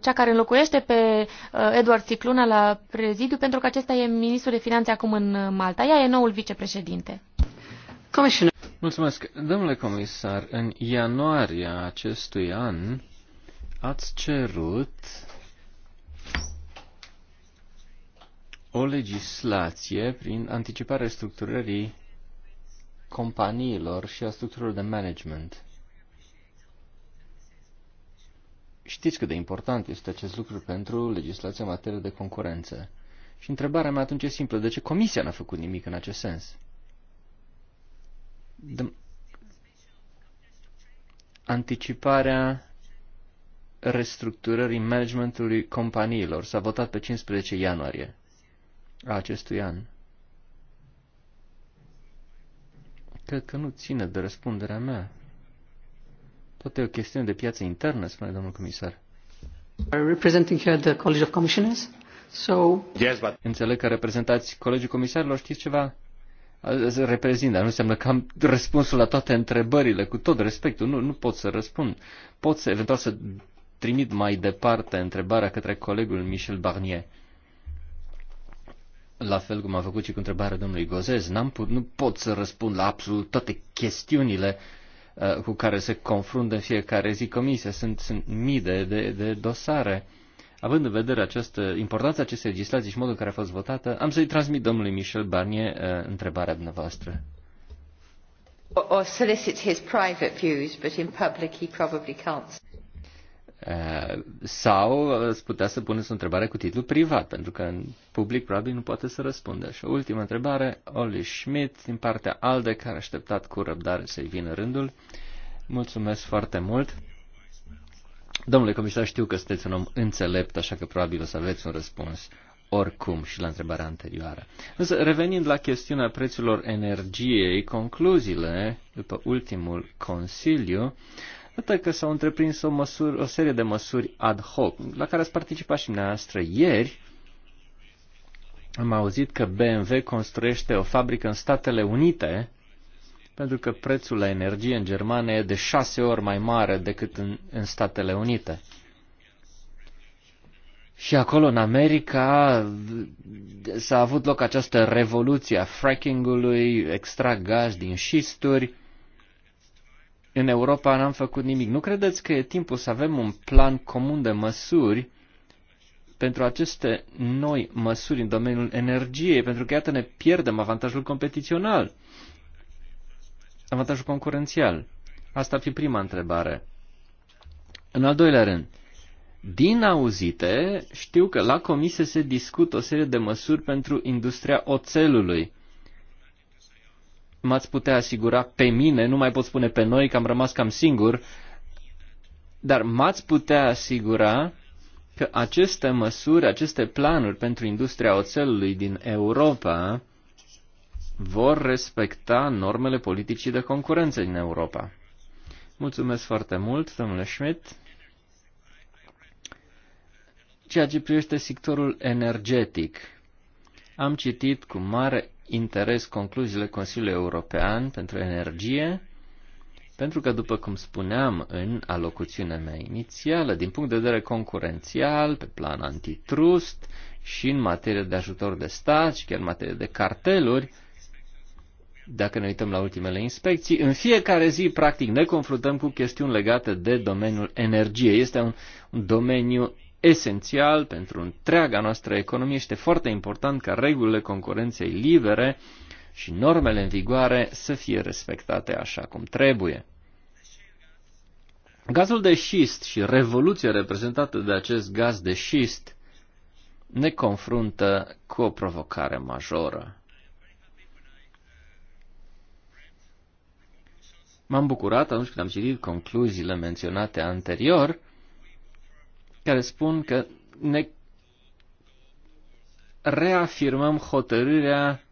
cea care înlocuiește pe uh, Edward Cicluna la prezidiu, pentru că acesta e ministrul de finanțe acum în Malta. Ea e noul vicepreședinte. Commissioner. Mulțumesc. Domnule comisar, în ianuarie acestui an ați cerut o legislație prin anticiparea structurării companiilor și a structurilor de management. Știți cât de important este acest lucru pentru legislația în materie de concurență. Și întrebarea mea atunci e simplă. De ce Comisia n-a făcut nimic în acest sens? De... Anticiparea restructurării managementului companiilor s-a votat pe 15 ianuarie a acestui an. Cred că nu ține de răspunderea mea. Poate e o chestiune de piață internă, spune domnul comisar. Representing here the College of Commissioners. So... Yes, but... Înțeleg că reprezentați Colegiul Comisarilor, știți ceva? Reprezint, dar nu înseamnă că am răspunsul la toate întrebările, cu tot respectul, nu, nu pot să răspund. Pot să, eventual să trimit mai departe întrebarea către colegul Michel Barnier la fel cum a făcut și cu întrebarea domnului Gozez, n-am put, nu pot să răspund la absolut toate chestiunile uh, cu care se confruntă în fiecare zi comisia. Sunt, sunt mii de, de, de dosare. Având în vedere această importanța acestei legislații și modul în care a fost votată, am să-i transmit domnului Michel Barnier uh, întrebarea dumneavoastră. Or solicit his private views, but in public he probably can't. Eh, sau îți putea să puneți o întrebare cu titlu privat, pentru că în public probabil nu poate să răspundă. Și o ultimă întrebare, Oli Schmidt, din partea ALDE, care a așteptat cu răbdare să-i vină rândul. Mulțumesc foarte mult! Domnule comisar, știu că sunteți un om înțelept, așa că probabil o să aveți un răspuns oricum și la întrebarea anterioară. Însă, revenind la chestiunea prețurilor energiei, concluziile după ultimul Consiliu Iată că s-au întreprins o, măsuri, o serie de măsuri ad hoc, la care ați participat și dumneavoastră ieri. Am auzit că BMW construiește o fabrică în Statele Unite pentru că prețul la energie în Germania e de șase ori mai mare decât în, în Statele Unite. Și acolo, în America, s-a avut loc această revoluție a fracking-ului, extrag gaz din șisturi, în Europa n-am făcut nimic. Nu credeți că e timpul să avem un plan comun de măsuri pentru aceste noi măsuri în domeniul energiei, pentru că iată ne pierdem avantajul competițional, avantajul concurențial. Asta ar fi prima întrebare. În al doilea rând, din auzite știu că la comisie se discută o serie de măsuri pentru industria oțelului m-ați putea asigura pe mine, nu mai pot spune pe noi că am rămas cam singur, dar m-ați putea asigura că aceste măsuri, aceste planuri pentru industria oțelului din Europa vor respecta normele politicii de concurență din Europa. Mulțumesc foarte mult, domnule Schmidt. Ceea ce privește sectorul energetic, am citit cu mare interes concluziile Consiliului European pentru Energie, pentru că, după cum spuneam în alocuțiunea mea inițială, din punct de vedere concurențial, pe plan antitrust și în materie de ajutor de stat și chiar în materie de carteluri, dacă ne uităm la ultimele inspecții, în fiecare zi, practic, ne confruntăm cu chestiuni legate de domeniul energiei. Este un, un domeniu esențial pentru întreaga noastră economie. Este foarte important ca regulile concurenței libere și normele în vigoare să fie respectate așa cum trebuie. Gazul de șist și revoluția reprezentată de acest gaz de șist ne confruntă cu o provocare majoră. M-am bucurat atunci când am citit concluziile menționate anterior care spun că ne reafirmăm hotărârea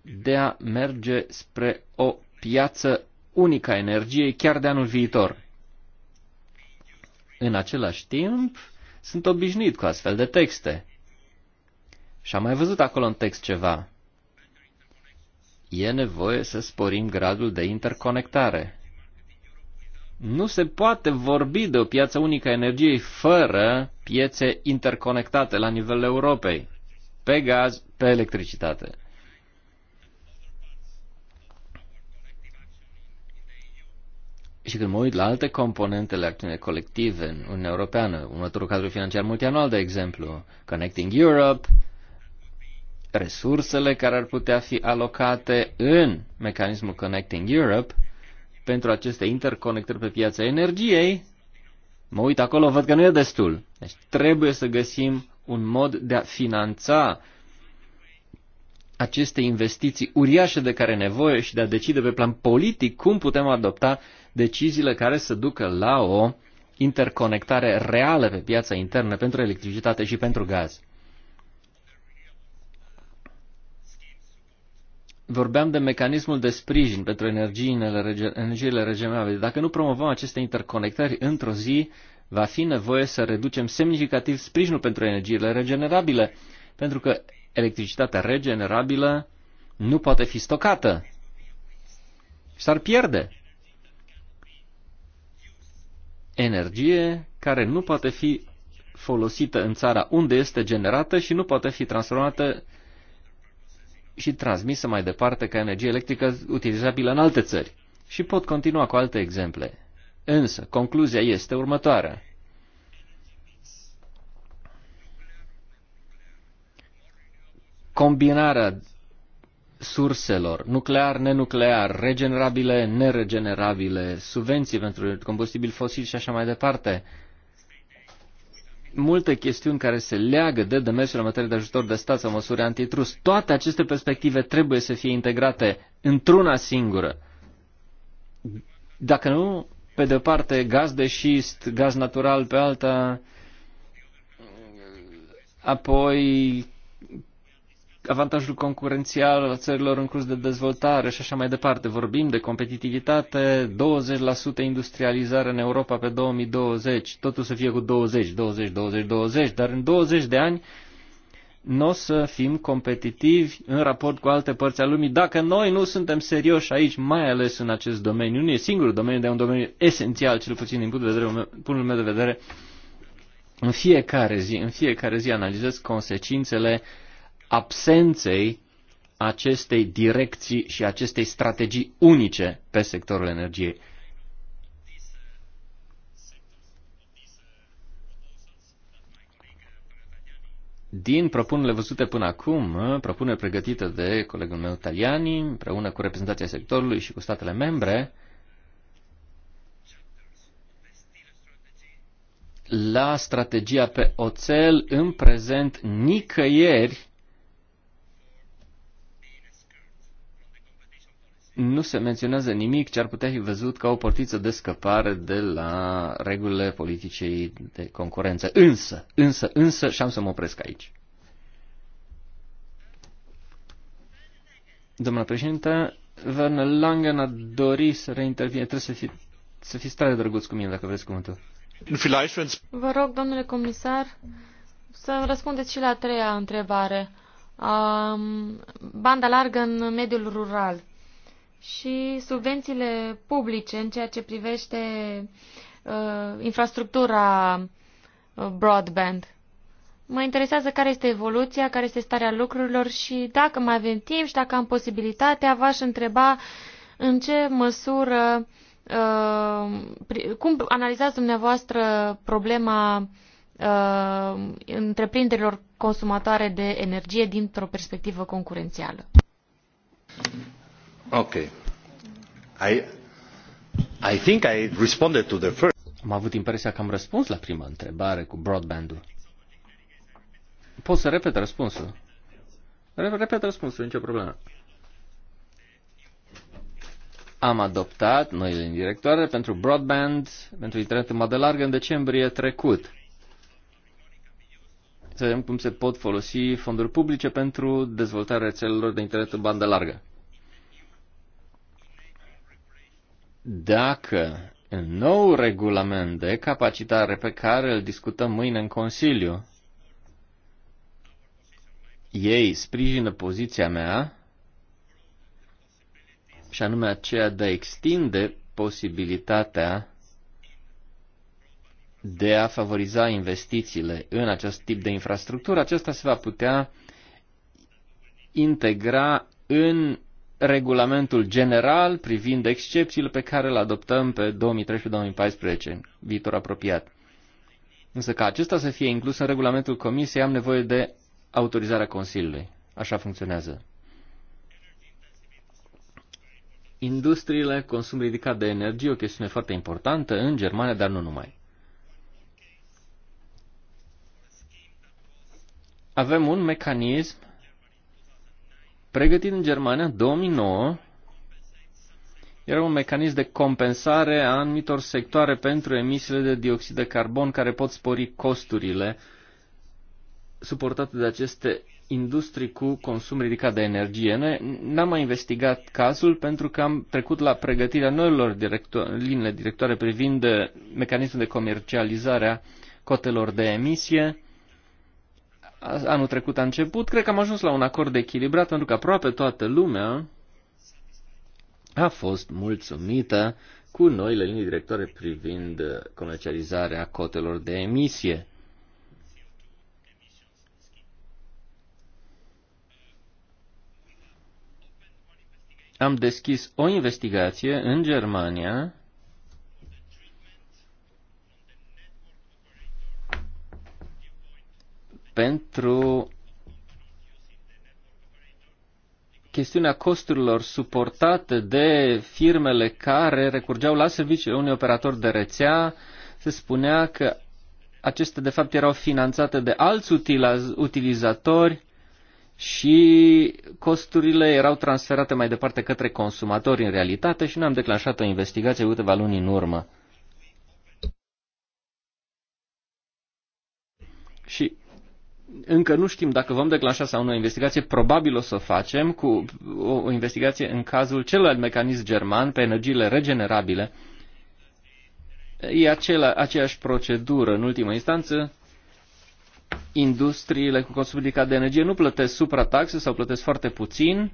de a merge spre o piață unică a energiei chiar de anul viitor. În același timp, sunt obișnuit cu astfel de texte. Și am mai văzut acolo în text ceva. E nevoie să sporim gradul de interconectare. Nu se poate vorbi de o piață unică a energiei fără piețe interconectate la nivelul Europei, pe gaz, pe electricitate. Și când mă uit la alte componentele acțiunii colective în Uniunea Europeană, următorul cadru financiar multianual, de exemplu, Connecting Europe, resursele care ar putea fi alocate în mecanismul Connecting Europe, pentru aceste interconectări pe piața energiei, mă uit acolo, văd că nu e destul. Deci trebuie să găsim un mod de a finanța aceste investiții uriașe de care nevoie și de a decide pe plan politic cum putem adopta deciziile care să ducă la o interconectare reală pe piața internă pentru electricitate și pentru gaz. vorbeam de mecanismul de sprijin pentru energiile, energiile regenerabile. Dacă nu promovăm aceste interconectări într-o zi, va fi nevoie să reducem semnificativ sprijinul pentru energiile regenerabile, pentru că electricitatea regenerabilă nu poate fi stocată. S-ar pierde energie care nu poate fi folosită în țara unde este generată și nu poate fi transformată și transmisă mai departe ca energie electrică utilizabilă în alte țări. Și pot continua cu alte exemple. Însă, concluzia este următoarea. Combinarea surselor nuclear, nenuclear, regenerabile, neregenerabile, subvenții pentru combustibil fosil și așa mai departe, multe chestiuni care se leagă de demersul în materie de ajutor de stat sau măsuri antitrust. Toate aceste perspective trebuie să fie integrate într-una singură. Dacă nu, pe de parte gaz de șist, gaz natural pe alta, apoi avantajul concurențial al țărilor în curs de dezvoltare și așa mai departe. Vorbim de competitivitate, 20% industrializare în Europa pe 2020, totul să fie cu 20, 20, 20, 20, dar în 20 de ani nu o să fim competitivi în raport cu alte părți ale lumii. Dacă noi nu suntem serioși aici, mai ales în acest domeniu, nu e singurul domeniu, dar e un domeniu esențial, cel puțin din punctul de vedere, punctul meu de vedere, în fiecare zi, în fiecare zi analizez consecințele uh, absenței acestei direcții și acestei strategii unice pe sectorul energiei. Din propunerile văzute până acum, propunerea pregătită de colegul meu Taliani, împreună cu reprezentația sectorului și cu statele membre, la strategia pe oțel, în prezent nicăieri nu se menționează nimic ce ar putea fi văzut ca o portiță de scăpare de la regulile politicii de concurență. Însă, însă, însă, și am să mă opresc aici. Domnule președinte, Werner Langen a dorit să reintervine. Trebuie să, fi, să fiți tare drăguți cu mine dacă vreți cuvântul. Vă rog, domnule comisar, să răspundeți și la a treia întrebare. Um, banda largă în mediul rural și subvențiile publice în ceea ce privește uh, infrastructura uh, broadband. Mă interesează care este evoluția, care este starea lucrurilor și dacă mai avem timp și dacă am posibilitatea, v-aș întreba în ce măsură, uh, cum analizați dumneavoastră problema uh, întreprinderilor consumatoare de energie dintr-o perspectivă concurențială. I, I Am avut impresia că am răspuns la prima întrebare cu broadband-ul. Pot să repet răspunsul? Repet răspunsul, nicio problemă. Am adoptat noile în directoare pentru broadband, pentru internet în modă largă, în decembrie trecut. Să vedem cum se pot folosi fonduri publice pentru dezvoltarea rețelelor de internet în bandă largă. dacă în nou regulament de capacitare pe care îl discutăm mâine în Consiliu, ei sprijină poziția mea, și anume aceea de a extinde posibilitatea de a favoriza investițiile în acest tip de infrastructură, acesta se va putea integra în regulamentul general privind excepțiile pe care îl adoptăm pe 2013-2014, viitor apropiat. Însă ca acesta să fie inclus în regulamentul Comisiei, am nevoie de autorizarea Consiliului. Așa funcționează. Industriile, consum ridicat de energie, o chestiune foarte importantă în Germania, dar nu numai. Avem un mecanism pregătit în Germania în 2009, era un mecanism de compensare a anumitor sectoare pentru emisiile de dioxid de carbon care pot spori costurile suportate de aceste industrii cu consum ridicat de energie. Noi n-am mai investigat cazul pentru că am trecut la pregătirea noilor directo- linii directoare privind mecanismul de comercializare a cotelor de emisie anul trecut a început, cred că am ajuns la un acord echilibrat pentru că aproape toată lumea a fost mulțumită cu noile linii directoare privind comercializarea cotelor de emisie. Am deschis o investigație în Germania pentru chestiunea costurilor suportate de firmele care recurgeau la serviciile unui operator de rețea, se spunea că acestea de fapt erau finanțate de alți utilizatori și costurile erau transferate mai departe către consumatori în realitate și nu am declanșat o investigație câteva luni în urmă. Și încă nu știm dacă vom declanșa sau nu o investigație, probabil o să o facem cu o, o investigație în cazul celălalt mecanism german pe energiile regenerabile. E acela, aceeași procedură în ultimă instanță. Industriile cu consum ridicat de energie nu plătesc suprataxe sau plătesc foarte puțin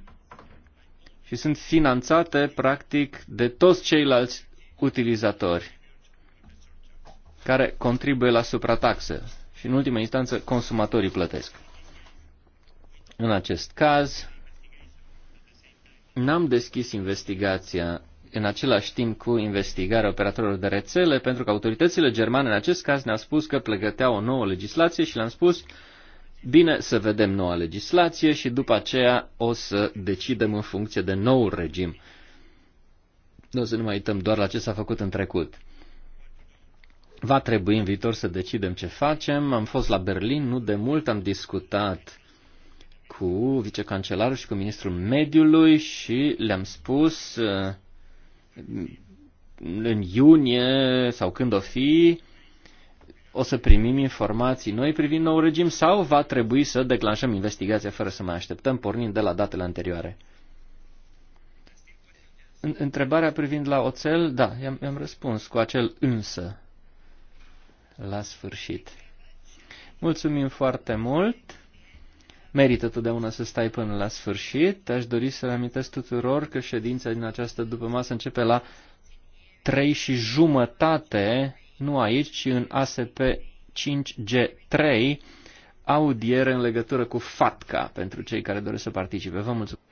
și sunt finanțate practic de toți ceilalți utilizatori care contribuie la suprataxe și, în ultima instanță, consumatorii plătesc. În acest caz, n-am deschis investigația în același timp cu investigarea operatorilor de rețele, pentru că autoritățile germane în acest caz ne-au spus că plăgăteau o nouă legislație și le-am spus, bine să vedem noua legislație și după aceea o să decidem în funcție de noul regim. Nu o să ne mai uităm doar la ce s-a făcut în trecut. Va trebui în viitor să decidem ce facem. Am fost la Berlin nu de mult, am discutat cu vicecancelarul și cu ministrul mediului și le-am spus uh, în iunie sau când o fi, o să primim informații noi privind nou regim sau va trebui să declanșăm investigația fără să mai așteptăm, pornind de la datele anterioare. Întrebarea privind la oțel, da, i-am, răspuns cu acel însă la sfârșit. Mulțumim foarte mult! Merită totdeauna să stai până la sfârșit. Aș dori să reamintesc tuturor că ședința din această după masă începe la 3 și jumătate, nu aici, ci în ASP 5G3, audiere în legătură cu FATCA pentru cei care doresc să participe. Vă mulțumesc!